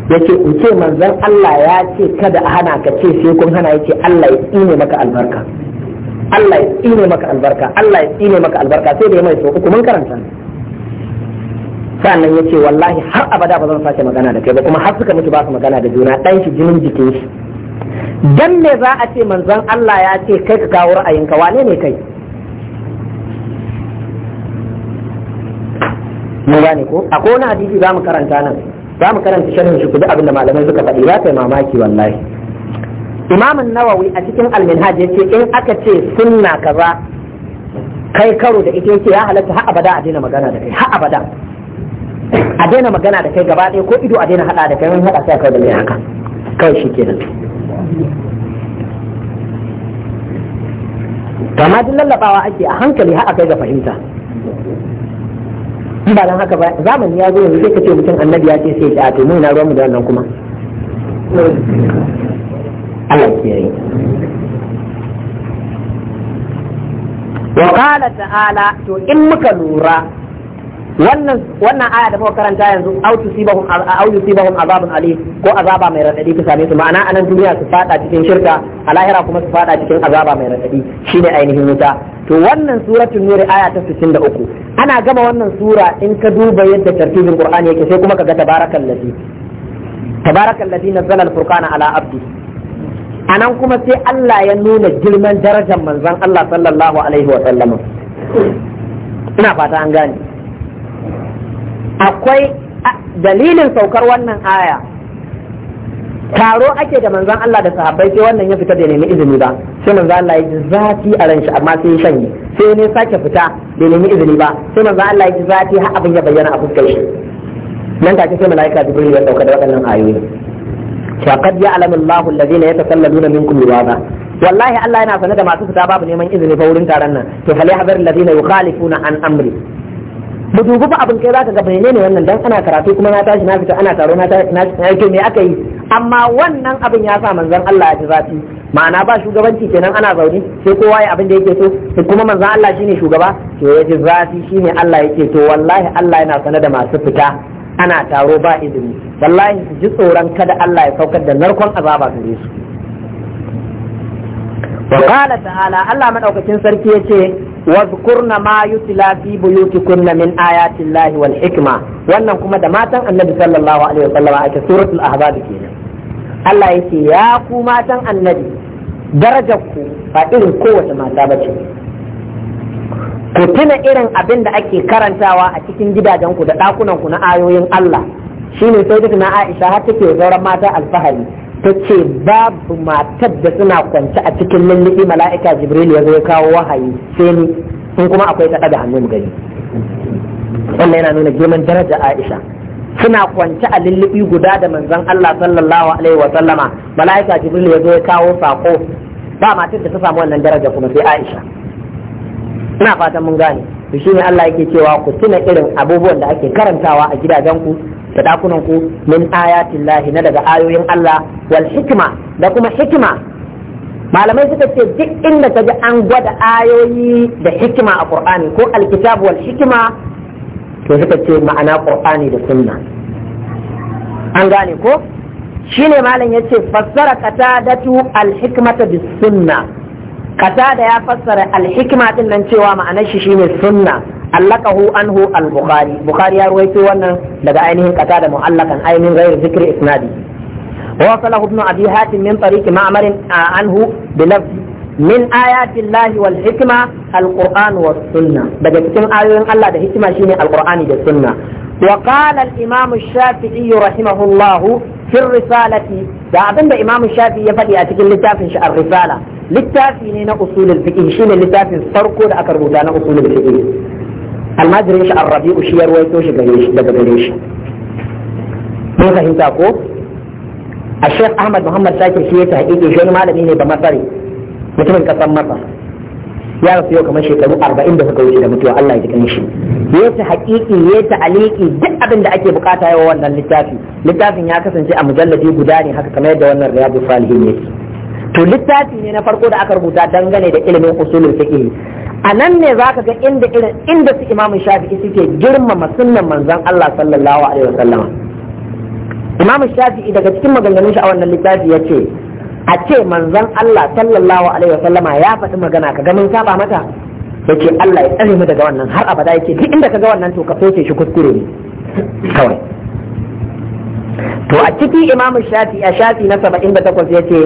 yace ku ce manzo Allah ya ce kada a hana ka ce sai kun hana yace Allah ya tsine maka albarka Allah ya tsine maka albarka Allah ya tsine maka albarka sai da mai so uku mun karanta sannan ya ce wallahi har abada ba zan sake magana da kai ba kuma har suka mutu ba su magana da juna dan shi jinin jikin shi dan me za a ce manzon Allah ya ce kai ka kawo ra'ayinka wane ne kai mun gane ko akwai na hadisi za mu karanta nan za mu karanta sharhin shi kudu abinda malamai suka faɗi za ta yi mamaki wallahi Imam nawawi a cikin alminhaj ya ce in aka ce sunna kaza kai karo da ita yake ya halatta har abada a daina magana da kai har abada a daina magana da kai gaba ɗaya ko ido a daina haɗa da kai wani haɗa sai kai da mai haka kai shi kenan kama duk lallabawa ake a hankali har kai ga fahimta in ba dan haka ba zamani ya zo yanzu sai kace mutum annabi ya ce sai ya to mu na ruwan mu da wannan kuma Allah kiyaye wa qala ta'ala to in muka lura wannan wannan aya da muka karanta yanzu au tusibahum au yusibahum azabun ali ko azaba mai radadi ta same su ma'ana anan duniya su fada cikin shirka a lahira kuma su fada cikin azaba mai radadi shine ainihin wuta to wannan suratul nur aya ta 63 ana gama wannan sura in ka duba yadda tartibin qur'ani yake sai kuma kaga tabarakal ladhi tabarakal ladhi nazzala al-furqana ala abdi anan kuma sai Allah ya nuna girman darajar manzon Allah sallallahu alaihi wa sallam ina fata an gane akwai dalilin saukar wannan aya taro ake da manzon Allah da sahabbai sai wannan ya fita da nemi izini ba sai manzon Allah ya ji zafi a ran shi amma sai ya shanye sai ne sake fita da nemi izini ba sai manzon Allah ya ji zafi har abin ya bayyana a fuskar shi nan take sai malaika jibril ya dauka da waɗannan ayoyi qad ya'lamu Allahu alladhina yatasallaluna minkum liwaza wallahi Allah yana sanar da masu fita babu neman izini fa wurin taron nan to fal yahzar alladhina yukhalifuna an amri mu dubi ba abin kai zaka ga bayane ne wannan dan ana karatu kuma na tashi na fita ana taro na na yake me aka yi amma wannan abin ya sa manzon Allah ya ji zafi ma'ana ba shugabanci kenan ana zaune sai kowa ya abin da yake so kuma manzon Allah shine shugaba to ya ji zafi shine Allah yake to wallahi Allah yana sanar da masu fita ana taro ba izini wallahi su ji tsoron kada Allah ya saukar da narkon azaba gare su wa qala ta'ala Allah maɗaukakin sarki yace wazkurna ma yutla fi buyutikunna min ayati llahi wal hikma wannan kuma da matan annabi sallallahu alaihi wasallam ake suratul ahzab kenan Allah yace ya ku matan annabi darajar ku ba irin kowace mata bace ku tuna irin abin da ake karantawa a cikin gidajenku da ɗakunanku na ayoyin Allah shine sai na Aisha har take zauren mata alfahari ta ce babu matar da suna kwance a cikin lulluɓi mala'ika jibril ya zo ya kawo wahayi sai ni in kuma akwai ta ɗaga hannu gari wannan yana nuna girman daraja aisha suna kwance a lulluɓi guda da manzon Allah sallallahu alaihi wa sallama mala'ika jibril ya zo ya kawo sako ba matar da ta samu wannan daraja kuma sai aisha ina fatan mun gane to Allah yake cewa ku tuna irin abubuwan da ake karantawa a gidajenku da dakunan ku min ayatin lahi na daga ayoyin Allah wal hikima da kuma hikima malamai suka ce duk inda ka ji an gwada ayoyi da hikima a qur'ani ko alkitab wal to suka ce ma'ana qur'ani da sunna an gane ko shine malam yace fassara katadatu al hikmata bis sunna qatada ya fassara alhikima hikma cewa ma'anar shi shine sunna allakahu anhu al-bukhari bukhari ya ruwaito wannan daga ainihin kasa da mu'allakan ainihin gairu zikri isnadi wa salahu ibn abi hatim min tariqi ma'mar anhu bi min ayati llahi wal hikma al-qur'an was sunna daga cikin ayoyin Allah da hikima shine al-qur'ani da sunna wa qala al-imam ash-shafi'i rahimahullahu fi risalati da abinda imam shafi'i ya faɗi a cikin littafin shi ar-risala littafi ne na usulul fiqh shine littafin farko da aka rubuta na usulul fiqh almajirin shi arrabi'u shi ya ruwaito shi daga gare shi mun fahimta ko a shek ahmad muhammad sakir shi ya ta haƙiƙe shi wani malami ne ba masari mutumin ƙasar masar ya rasu yau kamar shekaru arba'in da suka wuce da mutuwa allah ya ji kan shi ya ta haƙiƙi ya ta aliki duk abin da ake bukata yawa wannan littafi littafin ya kasance a mujalladi guda ne haka kamar yadda wannan riyadu salihin yake to littafi ne na farko da aka rubuta dangane da ilimin usulul fiqh a nan ne za ka ga inda irin inda su imamun shafi'i suke girmama sunnan manzon Allah sallallahu alaihi wasallama imamun shafi'i daga cikin maganganun shi a wannan littafi ya ce a ce manzon Allah sallallahu alaihi wasallama ya faɗi magana ka ga mun saba mata yake Allah ya tsare mu daga wannan har abada yake duk inda ka ga wannan to ka soke shi kuskure ne kawai to a ciki imamu shafi'i a shafi na 78 yace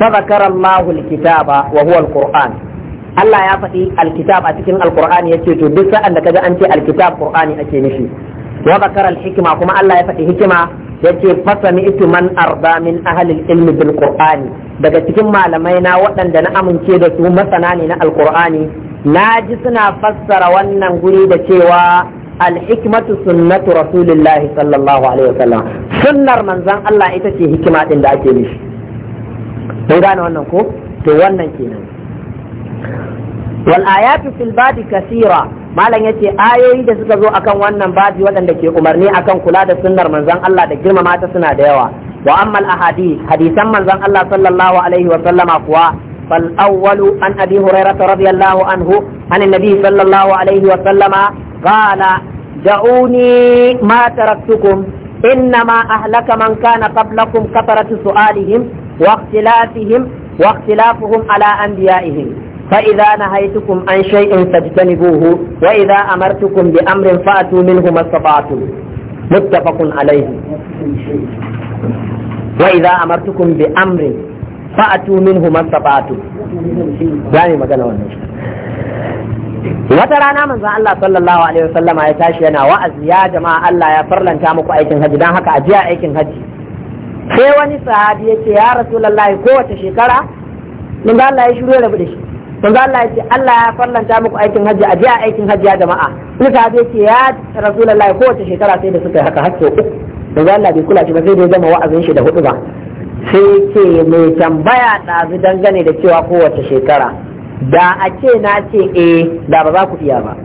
fa zakara Allahu alkitaba wa huwa alquran Allah ya faɗi alkitab a cikin ya ce to duk sa'an da kaga an ce alkitab qur'ani ake nufi wa zakara alhikma kuma Allah ya faɗi hikima yace fasami'tu man arda min ahli ilmi bil qur'ani daga cikin malamai na waɗanda na amince da su masana ne na alkur'ani na ji suna fassara wannan guri da cewa alhikmatu sunnatu rasulillahi sallallahu alaihi wasallam sunnar manzon Allah ita ce hikima din da ake nufi kun gane wannan ko to wannan kenan wal ayatu fil babi kasira malam yace ayoyi da suka zo akan wannan babi waɗanda ke umarni akan kula da sunnar manzon Allah da girmama ta suna da yawa wa a al hadisan manzon Allah sallallahu alaihi wa sallama kuwa fal awwalu an abi hurairah radiyallahu anhu an annabi sallallahu alaihi wa sallama qala da'uni ma taraktukum innama ahlaka man kana qablakum kafaratu su'alihim wa ikhtilafihim wa ikhtilafuhum ala anbiya'ihim فإذا نهيتكم عن شيء فاجتنبوه وإذا أمرتكم بأمر فأتوا منه ما استطعتم متفق عليه وإذا أمرتكم بأمر فأتوا منه ما استطعتم يعني ما قالوا wata rana manzo Allah sallallahu alaihi Wasallama ya tashi yana wa'azi ya jama'a Allah ya farlanta muku aikin haji dan haka ajiya aikin haji sai wani sahabi yace ya rasulullahi kowace shekara mun Allah ya shiru rabu da shi manzo Allah ya ce Allah ya farlanta muku aikin hajji a jiya aikin hajji ya jama'a sai sahabi ya ce ya ko wace shekara sai da suka yi haka har uku manzo Allah bai kula shi ba sai da zama wa'azin shi da hudu ba sai ce mai tambaya ɗazu dangane da cewa wace shekara da a ce na ce eh da ba za ku iya ba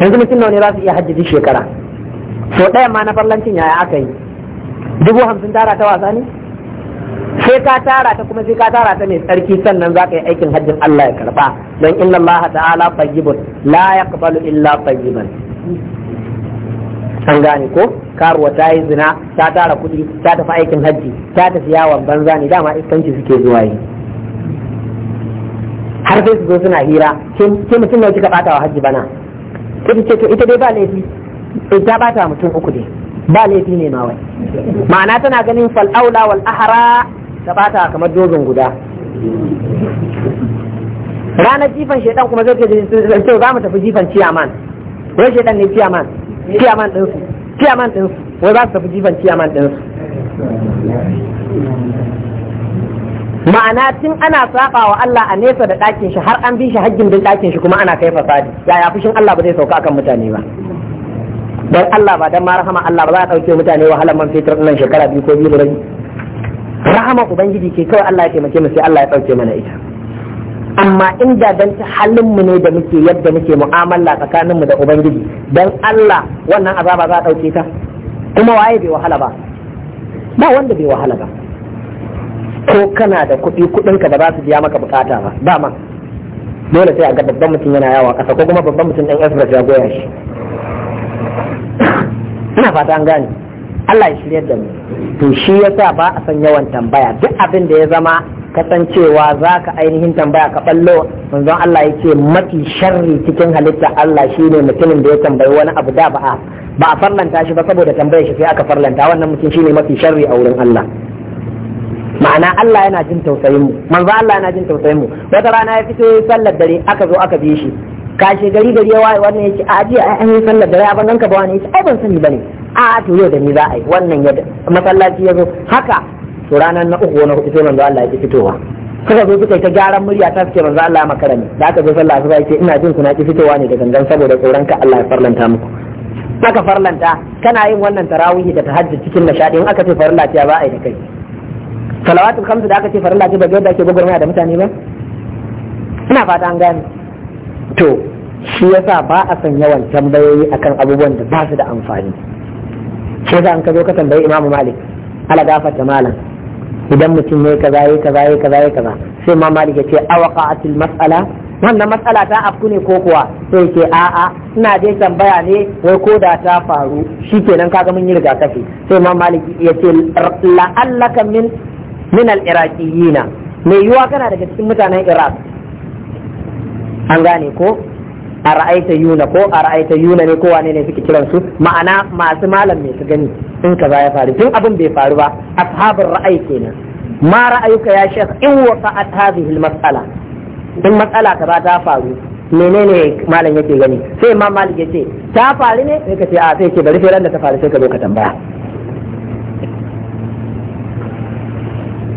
yanzu mutum nawa ne za su iya hajji duk shekara so ɗaya ma na farlancin yaya aka yi dubu hamsin tara ta wasa ne sai ka tara ta kuma sai ka tara ta mai tsarki sannan za ka yi aikin hajjin Allah ya karba don inna Allah ta'ala tayyibun la yaqbalu illa tayyiban an gane ko karuwa ta yi zina ta tara kudi ta tafi aikin hajji ta tafi yawon banza ne dama iskanci suke zuwa yi har sai su zo suna hira ke mutum ne kika bata wa hajji bana ce to ita dai ba laifi ita eh, bata mutum uku ne ba laifi ne ma wai ma'ana tana ganin fal'aula wal ahara ta bata kamar dogon guda ranar jifan shaidan kuma zai ce za mu tafi jifan ciyaman wai shaidan ne ciyaman ciyaman ɗinsu ciyaman ɗinsu wai za su tafi jifan ciyaman ɗinsu ma'ana tun ana saba wa Allah a nesa da ɗakin shi har an bi shi hajjin bin ɗakin shi kuma ana kai fasadi yaya fushin Allah ba zai sauka akan mutane ba dan Allah ba dan ma rahama Allah ba za a dauke mutane wahalar man fetur nan shekara biyu ko biyu da rahama ubangiji ke kawai Allah ya taimake mu sai Allah ya dauke mana ita amma inda dan halin mu ne da muke yadda muke mu'amala tsakanin mu da ubangiji dan Allah wannan azaba za a dauke ta kuma waye bai wahala ba ba wanda bai wahala ba ko kana da kuɗi kuɗinka da ba su biya maka bukata ba dama dole sai a ga babban mutum yana yawa ƙasa ko kuma babban mutum ɗan Everest ya goya shi ina fata an gane Allah ya shirya da mu to shi yasa ba a san yawan tambaya duk abin da ya zama kasancewa za ka ainihin tambaya ka ballo manzon Allah yake mafi sharri cikin halitta Allah shine mutumin da ya tambayi wani abu da ba a farlanta shi ba saboda tambayar shi sai aka farlanta wannan mutum shine mafi sharri a wurin Allah ma'ana Allah yana jin tausayin mu manzo Allah yana jin tausayin mu wata rana ya fito sallar dare aka zo aka bi shi kashe gari gari ya waye wannan yace a jiya an yi sallar da ya ban ka ba wani yace ai ban sani bane a to yau da ni za a yi wannan ya masallaci ya zo haka to ranar na uku wani hudu sai manzo Allah ya ki fitowa suka zo suka ta gyaran murya ta suke manzo Allah makara ne da aka zo sallah su yace ina jin kuna ki fitowa ne da gangan saboda tsoron ka Allah ya farlanta muku aka farlanta kana yin wannan tarawihi da tahajjud cikin nishadi in aka ce farlanta ya ba a yi da kai salawatul khamsu da aka ce farlanta ba ga yadda ake gogurmaya da mutane ba ina fata an gane to shi ya sa ba a san yawan tambayoyi akan abubuwan da ba su da amfani shi yasa an ka zo ka tambayi imamu malik ala gafarta malam idan mutum ne kaza yi kaza yi kaza yi kaza sai Imam malik ya ce awaqa'atil mas'ala wannan matsala ta afku ne ko kuwa sai ke a'a ina dai tambaya ne wai ko da ta faru Shi shikenan kaga mun yi rigakafi sai Imam Malik ya ce la'allaka min min al-iraqiyina mai yiwuwa kana daga cikin mutanen iraq an gane ko A ra'aita yuna ko a ra'aita yuna ne ko wane ne suke kiran su ma'ana masu malam me su gani in kaza ya faru tun abin bai faru ba ashabul ra'ayi kenan ma ra'ayuka ya shekh in waqa'at a al matsala. in ta ba ta faru menene malam yake gani sai imam malik yace ta faru ne sai ka ce a sai ce bari sai ran da ta faru sai ka zo ka tambaya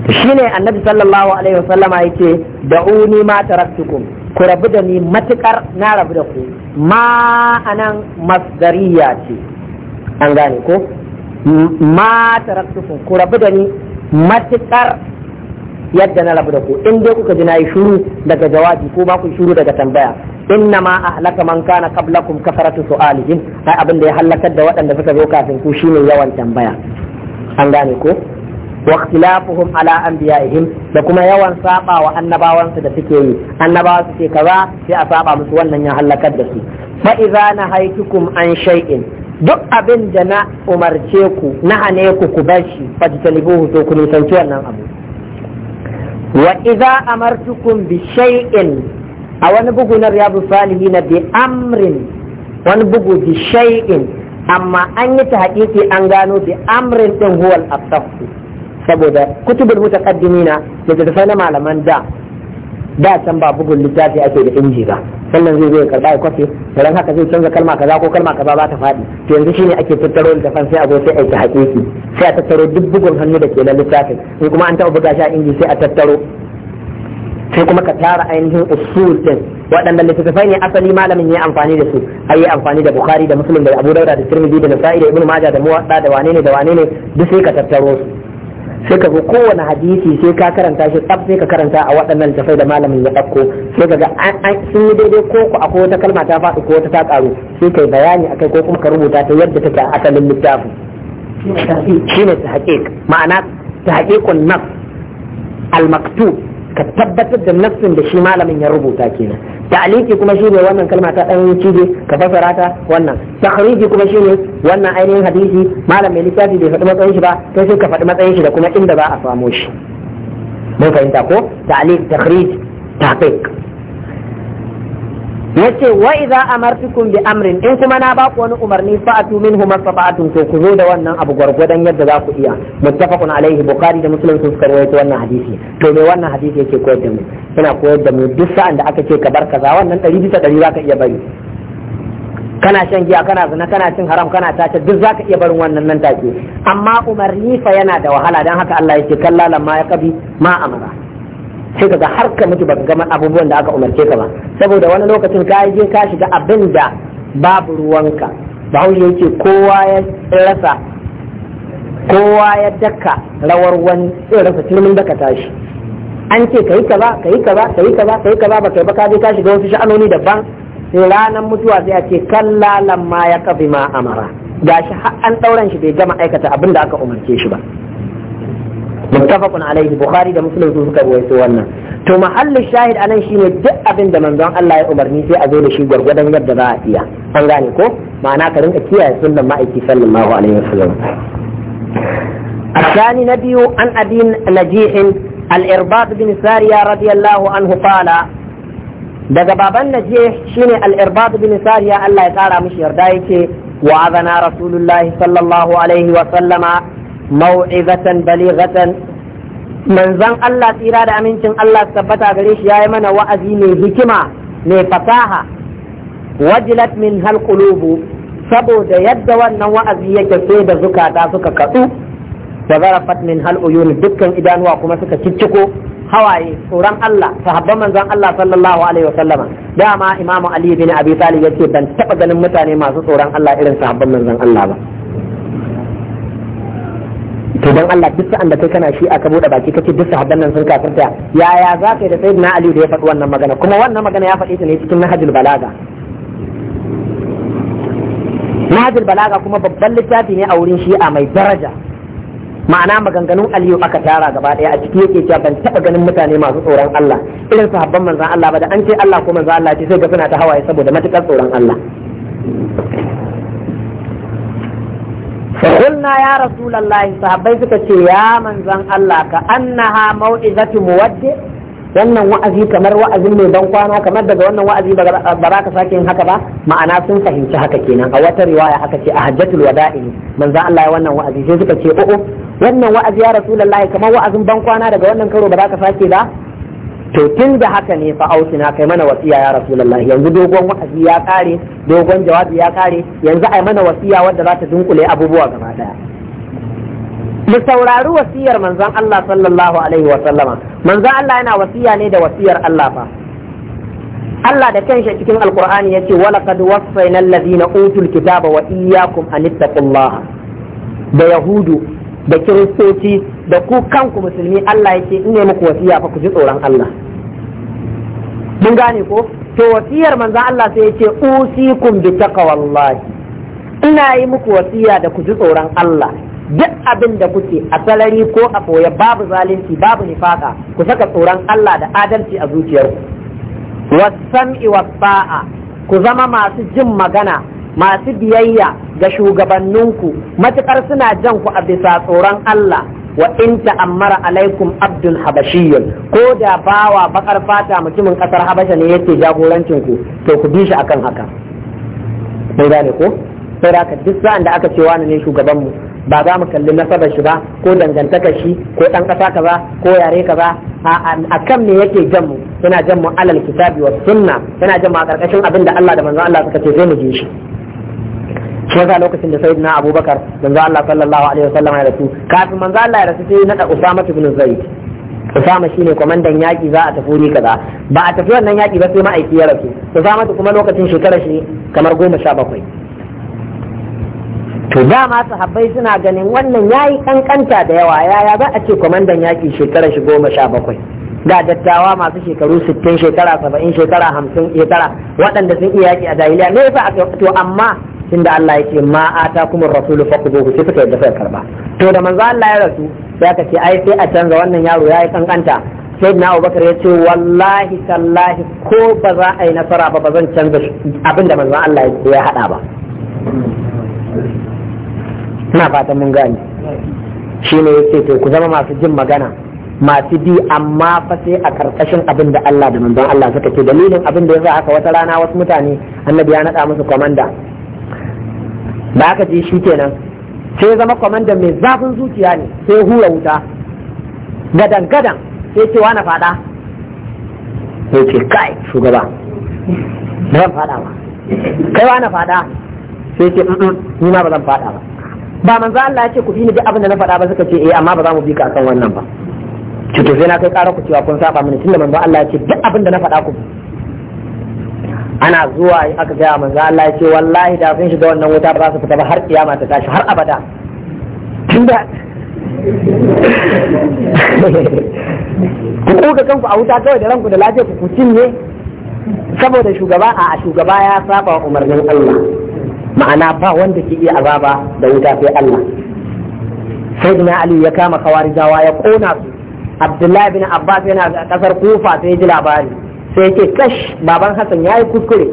shine annabi sallallahu alaihi wasallama yace da'uni ma taraktukum ku rabu da ni matukar na rabu da ku ma anan masdariya ce an gane ko ma taraktukum ku rabu da ni matukar yadda na rabu da ku in dai kuka ji na yi shuru daga jawabi ko ba ku shuru daga tambaya inna ma ahlaka man kana qablakum kasaratu su'alihim ai abin da ya halakar da waɗanda suka zo kafin ku shine yawan tambaya an gane ko wa ikhtilafuhum ala anbiya'ihim da kuma yawan saba wa annabawansu da suke yi annabawa su kaza sai a saba musu wannan ya halakar da su fa idza nahaytukum an shay'in duk abin da na umarce ku na hane ku ku bar shi fajtalibuhu to ku nisanci wannan abu wa idza amartukum bi shay'in a wani bugu na riyadu salihin bi amrin wani bugu bi shay'in amma an yi ta haƙiƙi an gano bi amrin din huwal asafu saboda kutubul mutaqaddimina littattafai na malaman da da can ba bugun littafi ake da inji ba sannan zai zo ya karba ya kwafe dan haka zai canza kalma kaza ko kalma kaza ba ta faɗi to yanzu shine ake tattaro littafin sai a zo sai a yi haƙiƙi sai a tattaro duk bugun hannu da ke na littafin in kuma an taɓa buga shi a inji sai a tattaro sai kuma ka tara ainihin usul din waɗanda littattafai ne asali malamin ya amfani da su ai ya amfani da bukhari da muslim da abu dauda da tirmidhi da nasa'i da ibnu majah da muwatta da wane ne da wane ne duk sai ka tattaro su sai ka ko kowane hadisi sai ka karanta shi tsaf sai ka karanta a waɗannan tafai da malamin ya ɗauko sai ka ga sun yi daidai ko ku akwai wata kalma ta faɗi ko wata ta ƙaru sai ka yi bayani akai ko kuma ka rubuta ta yadda take a asalin littafin ne ta haƙiƙ ma'ana ta haƙiƙun nafs al-maktub ka tabbatar da nafsin da shi malamin ya rubuta kenan Da ta'aliki kuma shine wannan kalma ta dan cije ka fasara rata wannan takhriji kuma shine wannan ainihin hadisi malam mai littafi bai faɗi matsayin shi ba sai sai ka faɗi matsayin shi da kuma inda za a samo shi mun fahimta ko ta'alik takhrij tahqiq yace wa idza amartukum bi amrin in kuma na baku wani umarni fa atu minhu mastata'tum to ku zo da wannan abu gwargwadon yadda za ku iya muttafaqun alaihi bukhari da muslim sun suka rawaito wannan hadisi to me wannan hadisi yake koyar da mu yana koyar da mu duk sa'an da aka ce ka bar kaza wannan ɗari bisa ɗari zaka iya bari kana shan giya kana zina kana cin haram kana tace duk zaka iya barin wannan nan take amma umarni fa yana da wahala dan haka Allah yake kallala ma ya kabi ma amara sai ga har ka mutu baka gama abubuwan da aka umarce ka ba saboda wani lokacin ka je ka shiga abin da babu ruwanka bahaushe yake kowa ya rasa kowa ya daka rawar wani sai rasa turmin daka tashi an ce kayi kaza kayi kaza kayi kaza kayi kaza ba kai ba ka je ka shiga wasu sha'anoni daban sai ranar mutuwa sai a ce kalla lamma ya kafi ma amara gashi har an ɗauran shi bai gama aikata abin da aka umarce shi ba muttafaqun alaihi bukhari da muslim su suka rawaito wannan to mahallin shahid anan shine duk abin da manzon Allah ya umarni sai a zo da shi gwargwadon yadda za a iya an gane ko ma'ana ka rinka kiyaye الثاني نبي عن أبي نجيح الإرباط بن سارية رضي الله عنه قال daga baban naje shine al-irbad bin sariya Allah ya kara mishi yarda yake wa azana rasulullahi sallallahu alaihi wa sallama mau'izatan balighatan manzon Allah tsira da amincin Allah tabbata gare shi yayi mana wa'azi mai hikima mai fasaha wajilat min hal saboda yadda wannan wa'azi yake sai da zukata suka katsu da zarafat min hal dukkan idanuwa kuma suka cicciko hawaye tsoron Allah sahabban manzon Allah sallallahu alaihi wasallama dama imamu ali bin abi ya ce ban taba ganin mutane masu tsoron Allah irin sahabban manzon Allah ba to dan Allah duk sa'an da kai kana shi aka bude baki kace duk sahabban nan sun kafirta yaya za kai da sayyidina Ali da ya faɗi wannan magana kuma wannan magana ya faɗi ta ne cikin nahjul balaga nahjul balaga kuma babban littafi ne a wurin shi'a mai daraja ma'ana maganganun aliyu aka tara gaba daya a ciki yake cewa ban taba ganin mutane masu tsoron Allah irin sahabban manzon Allah ba da an ce Allah ko manzon Allah ce sai ga suna ta hawaye saboda matukar tsoron Allah فقلنا يا رسول الله صحابي سكتي يا من زن الله كأنها موعظة مودع wannan wa'azi kamar wa'azin mai ban kwana kamar daga wannan wa'azi ba za ka sake yin haka ba ma'ana sun fahimci haka kenan a wata riwaya aka ce a hajjatul wada'i manzo Allah ya wannan wa'azi sai suka ce o'o oh, oh, wannan wa'azi ya rasulullahi kamar wa'azin ban kwana daga wannan karo ba za ka sake ba to tun da haka ne fa ausina kai mana wasiya ya rasulullah yanzu dogon wa'azi ya kare dogon jawabi ya kare yanzu ai mana wasiya wadda za ta dunkule abubuwa gaba daya mu saurari wasiyar manzon Allah sallallahu alaihi wa sallama manzon Allah yana wasiya ne da wasiyar Allah fa Allah da kanshi cikin alqur'ani yace walaqad wassayna alladhina utul kitaba wa iyyakum an da yahudu da kiristoci da ku kanku musulmi Allah yake in ne muku wasiya fa ku ji tsoron Allah mun gane ko to wasiyar manzon Allah sai yace usikum bi taqwallahi ina yi muku wasiya da ku ji tsoron Allah duk abin da kuke a salari ko a koya babu zalunci babu nifaka ku saka tsoron Allah da adalci a zuciyarku wasam'i wasa'a ku zama masu jin magana masu biyayya ga shugabanninku matukar suna jan ku a bisa tsoron Allah wa in ta'ammara alaikum abdul habashiyyun ko da bawa bakar fata mutumin kasar habasha ne yake jagorancin ku to ku bi shi akan haka mun gane ko sai da aka duk sa'an da aka ce wani ne shugaban mu ba za mu kalli nasabar shi ba ko dangantaka shi ko dan kasa kaza ko yare kaza a kan me yake jan mu yana jan mu alal kitabi wa sunna yana jan mu a karkashin abin Allah da manzon Allah suka ce sai mu ji shi shi yasa lokacin da sayyidina abubakar manzo Allah sallallahu alaihi wasallam ya rasu kafin manzo Allah ya rasu sai da usama ibn zaid Usama shine kwamandan yaƙi za a tafi wuri kaza ba a tafi wannan yaƙi ba sai ma'aiki ya rasu Usama kuma lokacin shekarar shi kamar goma sha bakwai to dama sahabbai suna ganin wannan yayi kankanta da yawa yaya za a ce kwamandan yaƙi shekarar shi goma sha bakwai da dattawa masu shekaru sittin shekara saba'in shekara hamsin shekara waɗanda sun iya yaƙi a jahiliya me yasa to amma inda Allah yake ma ata kuma rasulu fakuzuhu sai suka yadda suka karba to da manzo Allah ya rasu sai aka ce ai sai a canza wannan yaro yayi kankanta sai na Abubakar ya ce wallahi tallahi ko ba za a yi nasara ba ba zan canza abin da manzo Allah ya hada ba ina fatan mun gane ne yake to ku zama masu jin magana masu bi amma fa sai a karkashin abin da Allah da manzon Allah suka ce dalilin abin da ya sa haka wata rana wasu mutane annabi ya nada musu komanda da aka ji shi kenan sai zama kwamandan mai zafin zuciya ne sai hura wuta gadan gadan sai ce wani fada sai ce kai shugaba ba zan fada ba kai wani fada sai ce ni ma ba zan fada ba ba manzo Allah ya ce ku bi ni duk abin da na fada ba suka ce eh amma ba za mu bi ka akan wannan ba ce to sai na kai ƙara ku cewa kun saba mini tunda manzo Allah ya ce duk abin da na fada ku ana zuwa aka gaya manzo Allah ya ce wallahi da sun shiga wannan wuta ba za su fita ba har kiyama ta tashi har abada tunda ku kuka kanku a wuta kawai da ranku da lafiya ku cinye saboda shugaba a shugaba ya saba umarnin Allah ma'ana ba wanda ke iya azaba da wuta sai Allah sayyidina Ali ya kama kawarijawa ya kona su Abdullahi bin Abbas yana a kasar Kufa sai ya ji labari sai ce kash baban Hassan ya yi kuskure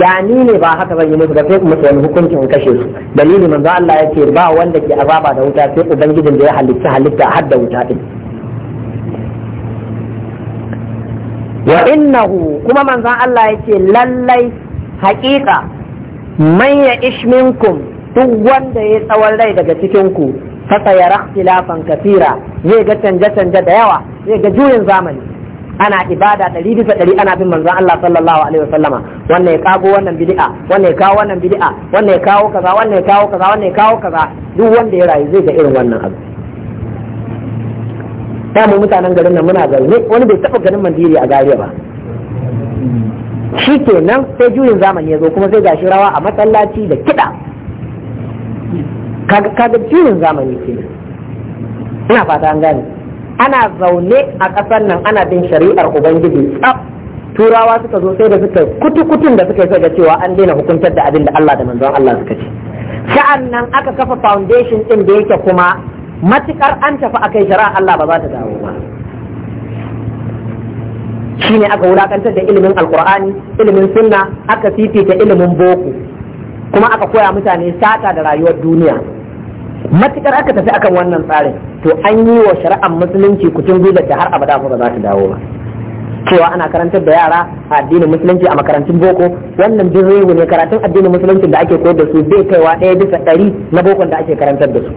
da ni ne ba haka zan yi musu da sai musu wani hukuncin kashe su dalili manzo Allah ya ce ba wanda ke azaba da wuta sai ubangijin da ya halitta halitta har da wuta din wa innahu kuma manzon Allah ya ce lallai haƙiƙa man ya duk wanda ya tsawon rai daga cikin ku fa sayara ikhtilafan kathira zai ga canje-canje da yawa zai ga juyin zamani ana ibada ɗari bisa ɗari ana bin manzon Allah sallallahu alaihi wasallama wannan ya kago wannan bid'a wannan ya kawo wannan bid'a wannan ya kawo kaza wannan ya kawo kaza wannan ya kawo kaza duk wanda ya rayu zai ga irin wannan abu ta mu mutanen garin nan muna zaune wani bai taɓa ganin mandiri a gariya ba shi nan sai juyin zamani ya zo kuma sai gashi rawa a masallaci da kiɗa kaga juyin zamani kenan ina fata an gane ana zaune a ƙasar nan ana bin shari'ar ubangiji turawa suka zo sai da suka kutukutun da suka yi ga cewa an daina hukuntar da abin da Allah da manzon Allah suka ce Sha'an nan aka kafa foundation din da yake kuma matukar an tafi akai shari'a Allah ba za ta dawo ba shine aka wulakantar da ilimin alkur'ani ilimin sunna aka fifita ilimin boko kuma aka koya mutane sata da rayuwar duniya matukar aka tafi akan wannan tsarin to an yi wa shari'ar musulunci kutun gwiwar da har abada ba za ta dawo ba cewa ana karantar da yara a addinin musulunci a makarantun boko wannan rigu ne karatun addinin musulunci da ake koyar da su bai kaiwa ɗaya bisa ɗari na bokon da ake karantar da su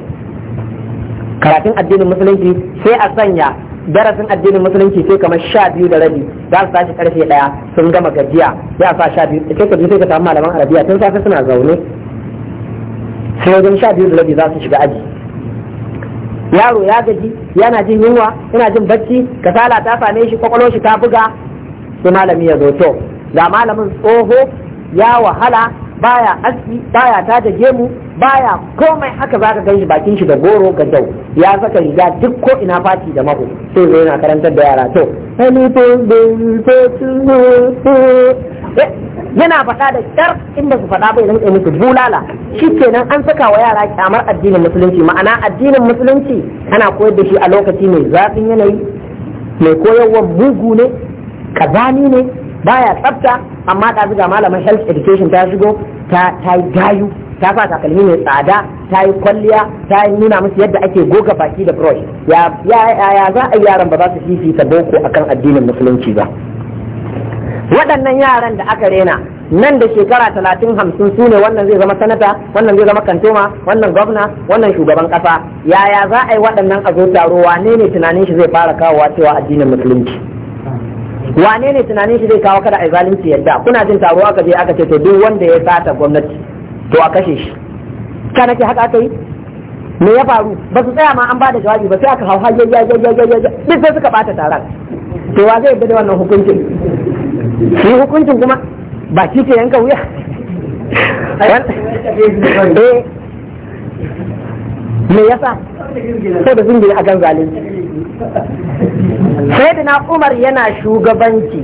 karatun addinin musulunci sai a sanya darasin addinin musulunci sai kamar sha biyu da rabi za su tashi karfe ɗaya sun gama gajiya sai a sa sha biyu ka sai ka samu malaman arabiya tun safe suna zaune sai wajen sha biyu da rabi za su shiga aji yaro ya gaji yana jin yunwa yana jin bacci kasala ta same shi kwakwalo shi ta buga Su malami ya zo to ga malamin tsoho ya wahala baya aski baya ta da gemu baya komai haka za ka ganshi bakin shi da goro ga dau ya saka riga duk ko ina fati da mako. sai zai yana karantar da yara to yana faɗa da kyar inda su faɗa bai rinƙa musu bulala shi kenan an saka wa yara kyamar addinin musulunci ma'ana addinin musulunci ana koyar da shi a lokaci mai zafin yanayi mai koyarwar mugu ne kazani ne baya tsafta amma ta ga malaman health education ta shigo ta yi gayu ta sa takalmi mai tsada ta yi kwalliya ta yi nuna musu yadda ake goga baki da brush ya za a yaran ba za su fifita boko akan addinin musulunci ba waɗannan yaran da aka rena nan da shekara talatin hamsin su ne wannan zai zama sanata wannan zai zama kantoma wannan gwamna wannan shugaban ƙasa yaya za a yi waɗannan a zo taro wane ne tunanin shi zai fara kawo wacewa addinin musulunci wane ne tunanin shi zai kawo kada a zalunci yadda kuna jin taro aka je aka ce to duk wanda ya sata gwamnati to a kashe shi kana ce haka aka yi me ya faru ba su tsaya ma an bada jawabi ba sai aka hau hajjajjajjajjajjajja duk sai suka ɓata taron to wa zai bi da wannan hukuncin shi hukuncin kuma ba shi ke yanka wuya eh, me yasa sai da a kan zalunci sai na umar yana shugabanci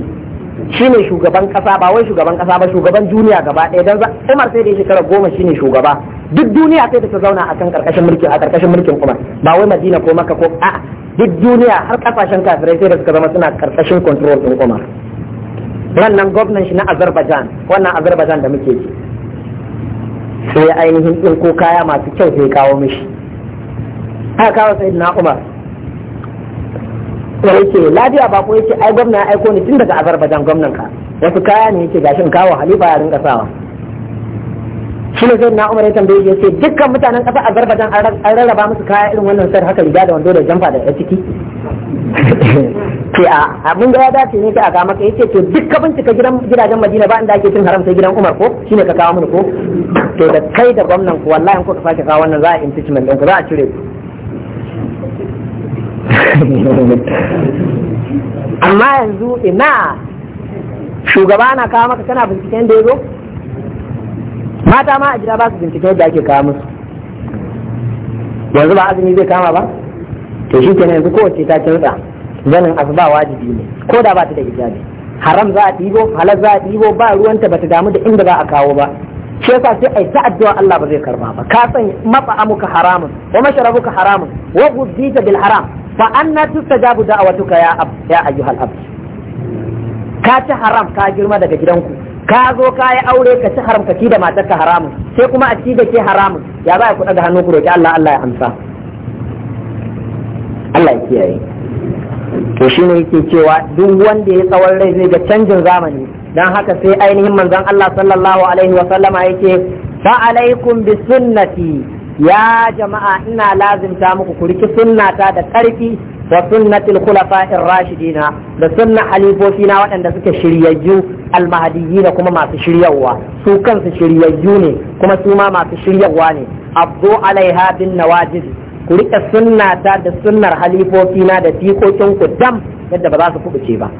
shi ne shugaban kasa ba wai shugaban kasa ba shugaban duniya gaba ɗaya don umar sai da shekara goma shi ne shugaba duk duniya sai da ta zauna a kan karkashin mulkin a karkashin mulkin umar ba wai madina ko maka ko a duk duniya har kasashen kafirai sai da suka zama suna karkashin control din umar wannan gwamnan shi na azerbaijan wannan azerbaijan da muke ji sai ya ainihin ɗinko kaya masu kyau sai kawo mishi aka kawo sai na umar ya ce lafiya ba ko yake ai gwamna ya aiko ni tun daga azerbaijan gwamnan ka wasu kaya ne yake gashin kawo halifa ya rinka sawa shi ne sai na umar ya tambaye ya ce dukkan mutanen ƙasar azerbaijan an rarraba musu kaya irin wannan sai haka riga da wando da jamfa da ya ciki ke a abin da ya dace ne ka aka maka yace to duk ka bincika gidan gidajen Madina ba inda ake cin haram sai gidan Umar ko shine ka kawo mun ko to da kai da gwamnan ku wallahi ko ka sake kawo wannan za a impeachment din ku za a cire ku amma yanzu ina shugaba na kawo maka kana binciken da ya zo mata ma a gida ba su binciken da ake kawo musu yanzu ba azumi zai kama ba to shi kenan yanzu kowace ta kinsa zanin asuba wajibi ne ko da ba ta da hijabi haram za a ɗibo halal za a ɗibo ba ruwanta bata damu da inda za a kawo ba shi yasa sai ai ta addu'a Allah ba zai karba ba ka san mafa'amuka haramun wa mashrabuka haramun wa gudita bil haram fa anna tustajabu da'watuka ya ab ya ayyuhal abd ka ci haram ka girma daga gidanku ka zo ka yi aure ka ci haram ka ci da matarka haramun sai kuma a ci da ke haramun ya za ku daga hannu ku roki Allah Allah ya amsa Allah ya kiyaye to shi ne yake cewa duk wanda ya tsawon rai zai ga canjin zamani dan haka sai ainihin manzon Allah sallallahu alaihi wa sallama yake fa alaikum bi sunnati ya jama'a ina lazimta muku ku riki sunnata da karfi wa sunnatil khulafa'ir rashidina da sunna halifofi na waɗanda suke shiryayyu almahadiyyi da kuma masu shiryawa su kansu shiryayyu ne kuma su ma masu shiryawa ne abdu alaiha bin nawajibi ku riƙe sunnata da sunnar halifofina da fikokin ku dam yadda ba za su kubuce ba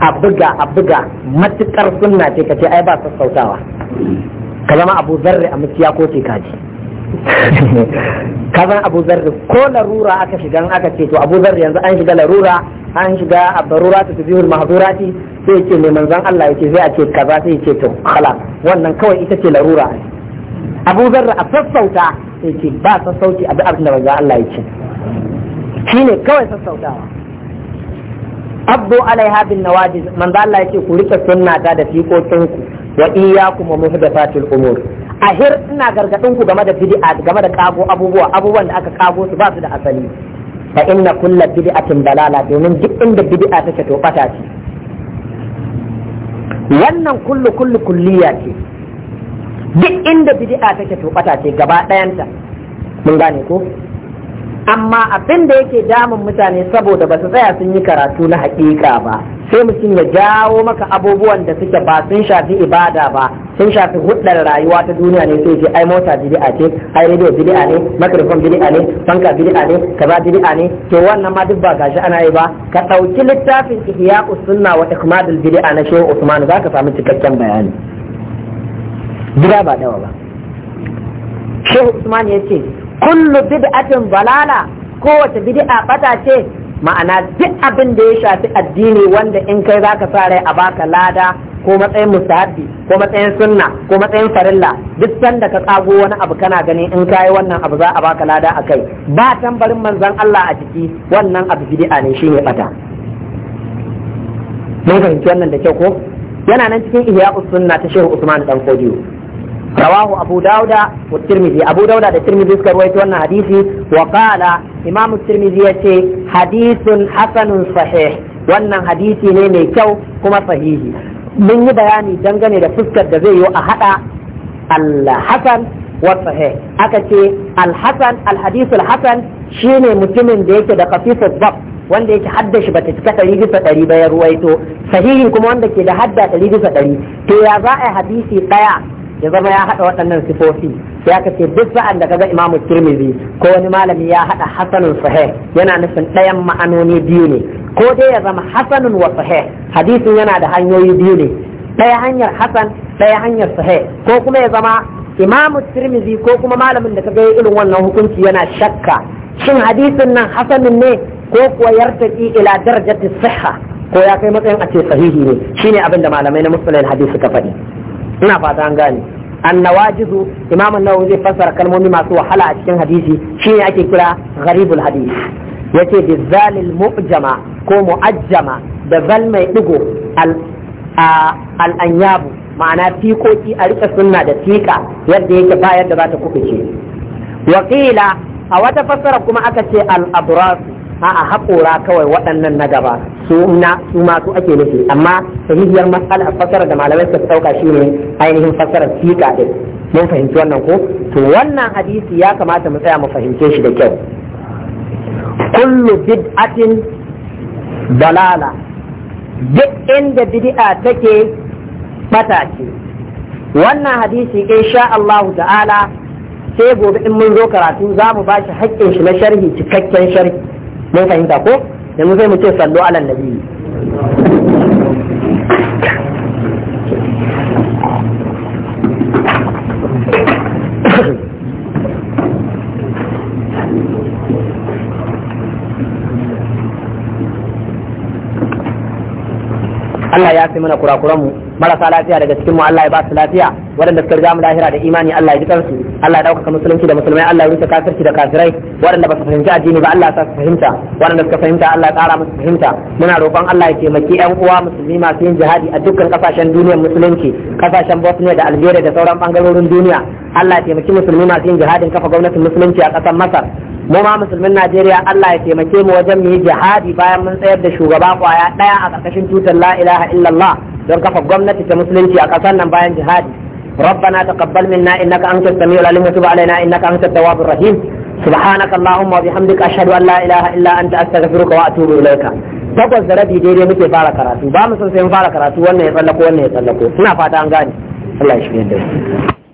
a buga a buga matukar sunna ce kace ai ba sassautawa ka zama abu zarri a mutiya ko ce kaji ka zama abu zarri ko larura aka shiga aka ce to abu zarri yanzu an shiga larura an shiga abarura ta tuzihul mahdurati sai ce mai manzon Allah yake sai a ce kaza sai ce to khala wannan kawai ita ce larura ne abu zarra a sassauta sai ce ba sassauci a abu abin da manzo Allah ya ce shi ne kawai sassautawa abdu alaiha bin nawadi manzo Allah ya ce ku rike ta da fikokinku wa iyyakum wa muhdathatil umur ahir ina gargadin ku game da bid'a game da kago abubuwa abubuwan da aka kago su ba su da asali fa inna kulla bid'atin dalala domin duk inda bid'a take to bata ce wannan kullu kullu kulliya ce duk inda bid'a take to bata ce gaba dayanta mun gane ko amma abin da yake damun mutane saboda ba su tsaya sun yi karatu na hakika ba sai mutum ya jawo maka abubuwan da suke ba sun shafi ibada ba sun shafi hudar rayuwa ta duniya ne sai ce ai mota bid'a ce ai radio bid'a ne microphone bid'a ne fanka bid'a ne kaza bid'a ne to wannan ma duk ba gashi ana yi ba ka dauki littafin ihya'us sunna wa ikmadul bid'a na shehu usman zaka samu cikakken bayani gida ba dawa ba shehu usman ya ce kullu bid'atin balala kowace bid'a bata ce ma'ana duk abin da ya shafi addini wanda in kai zaka sa rai a baka lada ko matsayin mustahabi ko matsayin sunna ko matsayin farilla duk sanda ka tsago wani abu kana gani in kai wannan abu za a baka lada a kai ba tambarin manzon Allah a ciki wannan abu bid'a ne shine bata mun fahimci wannan da kyau ko yana nan cikin ihya'us sunna ta shehu usman dan kodiyo. rawahu abu dauda da tirmidhi suka ruwaito wannan hadisi wa qala imam tirmidhi yace hadithun hasanun sahih wannan hadisi ne mai kyau kuma sahihi mun yi bayani dangane da fuskar da zai yi a hada al-hasan wa aka ce al-hasan shi ne mutumin da yake da khafifat dhab wanda yake haddashi shi bata cika ɗari bisa ɗari ba ya ruwaito sahihin kuma wanda ke da hadda ɗari to ya za a hadisi ɗaya ya zama ya haɗa waɗannan sifofi ya kace duk sa'an da kaga Imam Tirmidhi ko wani malami ya haɗa hasanun sahih yana nufin ɗayan ma'anoni biyu ne ko dai ya zama hasanun wa sahih hadisin yana da hanyoyi biyu ne ɗaya hanyar hasan ɗaya hanyar sahih ko kuma ya zama imamu Tirmidhi ko kuma malamin da kaga irin wannan hukunci yana shakka shin hadisin nan hasanun ne ko kuwa yartaki ila darajati sihha ko ya kai matsayin a ce sahihi ne shine abin da malamai na musulun hadisi suka faɗi ina fata an gane annawajizu imam an-nawawi zai fassara kalmomi masu wahala a cikin hadisi shine ake kira gharibul hadisi yace bizalil mu'jama ko mu'ajjama da zal mai digo al-anyabu ma'ana fikoki a rika sunna da tika yadda yake ba yadda za ta kuɓuce wakila a wata fassara kuma aka ce al-abrasu a'a haƙora kawai waɗannan na gaba su na su ma su ake nufi amma sahihiyar mas'ala fassara da malamai suka sauka ne ainihin fassarar fiqa ɗin mun fahimci wannan ko to wannan hadisi ya kamata mu tsaya mu fahimce shi da kyau kullu bid'atin dalala duk inda bid'a take bata ce wannan hadisi insha Allah ta'ala sai gobe in mun zo karatu za mu ba shi haƙƙin shi na sharhi cikakken sharhi mun fahimta ko yanzu sai mu ce sallu ala nabi Allah ya fi mana kurakuran mu marasa lafiya daga cikin mu Allah ya ba su lafiya waɗanda suka riga mu lahira da imani Allah ya ji kansu Allah ya dauka musulunci da musulmai Allah ya rusa kafirci da kafirai waɗanda ba su fahimci addini ba Allah ya sa su fahimta waɗanda suka fahimta Allah ya ƙara musu fahimta muna roƙon Allah ya taimaki ƴan uwa musulmi masu yin jihadi a dukkan kasashen duniyar musulunci kasashen Bosnia da Algeria da sauran bangarorin duniya Allah ya taimaki musulmi masu yin jihadin kafa gwamnatin musulunci a ƙasar Masar mu ma musulmin Najeriya Allah ya taimake mu wajen mu yi jihadi bayan mun tsayar da shugaba kwaya daya a karkashin tutar la ilaha illallah don kafa gwamnati ta musulunci a kasar nan bayan jihadi ربنا تقبل منا انك انت السميع العليم وتب علينا انك انت التواب الرحيم سبحانك اللهم وبحمدك اشهد ان لا اله الا انت استغفرك واتوب اليك takwas da rabi daidai muke fara karatu ba mu san sai fara karatu wannan ya tsallako wannan ya tsallako ina fata an Allah ya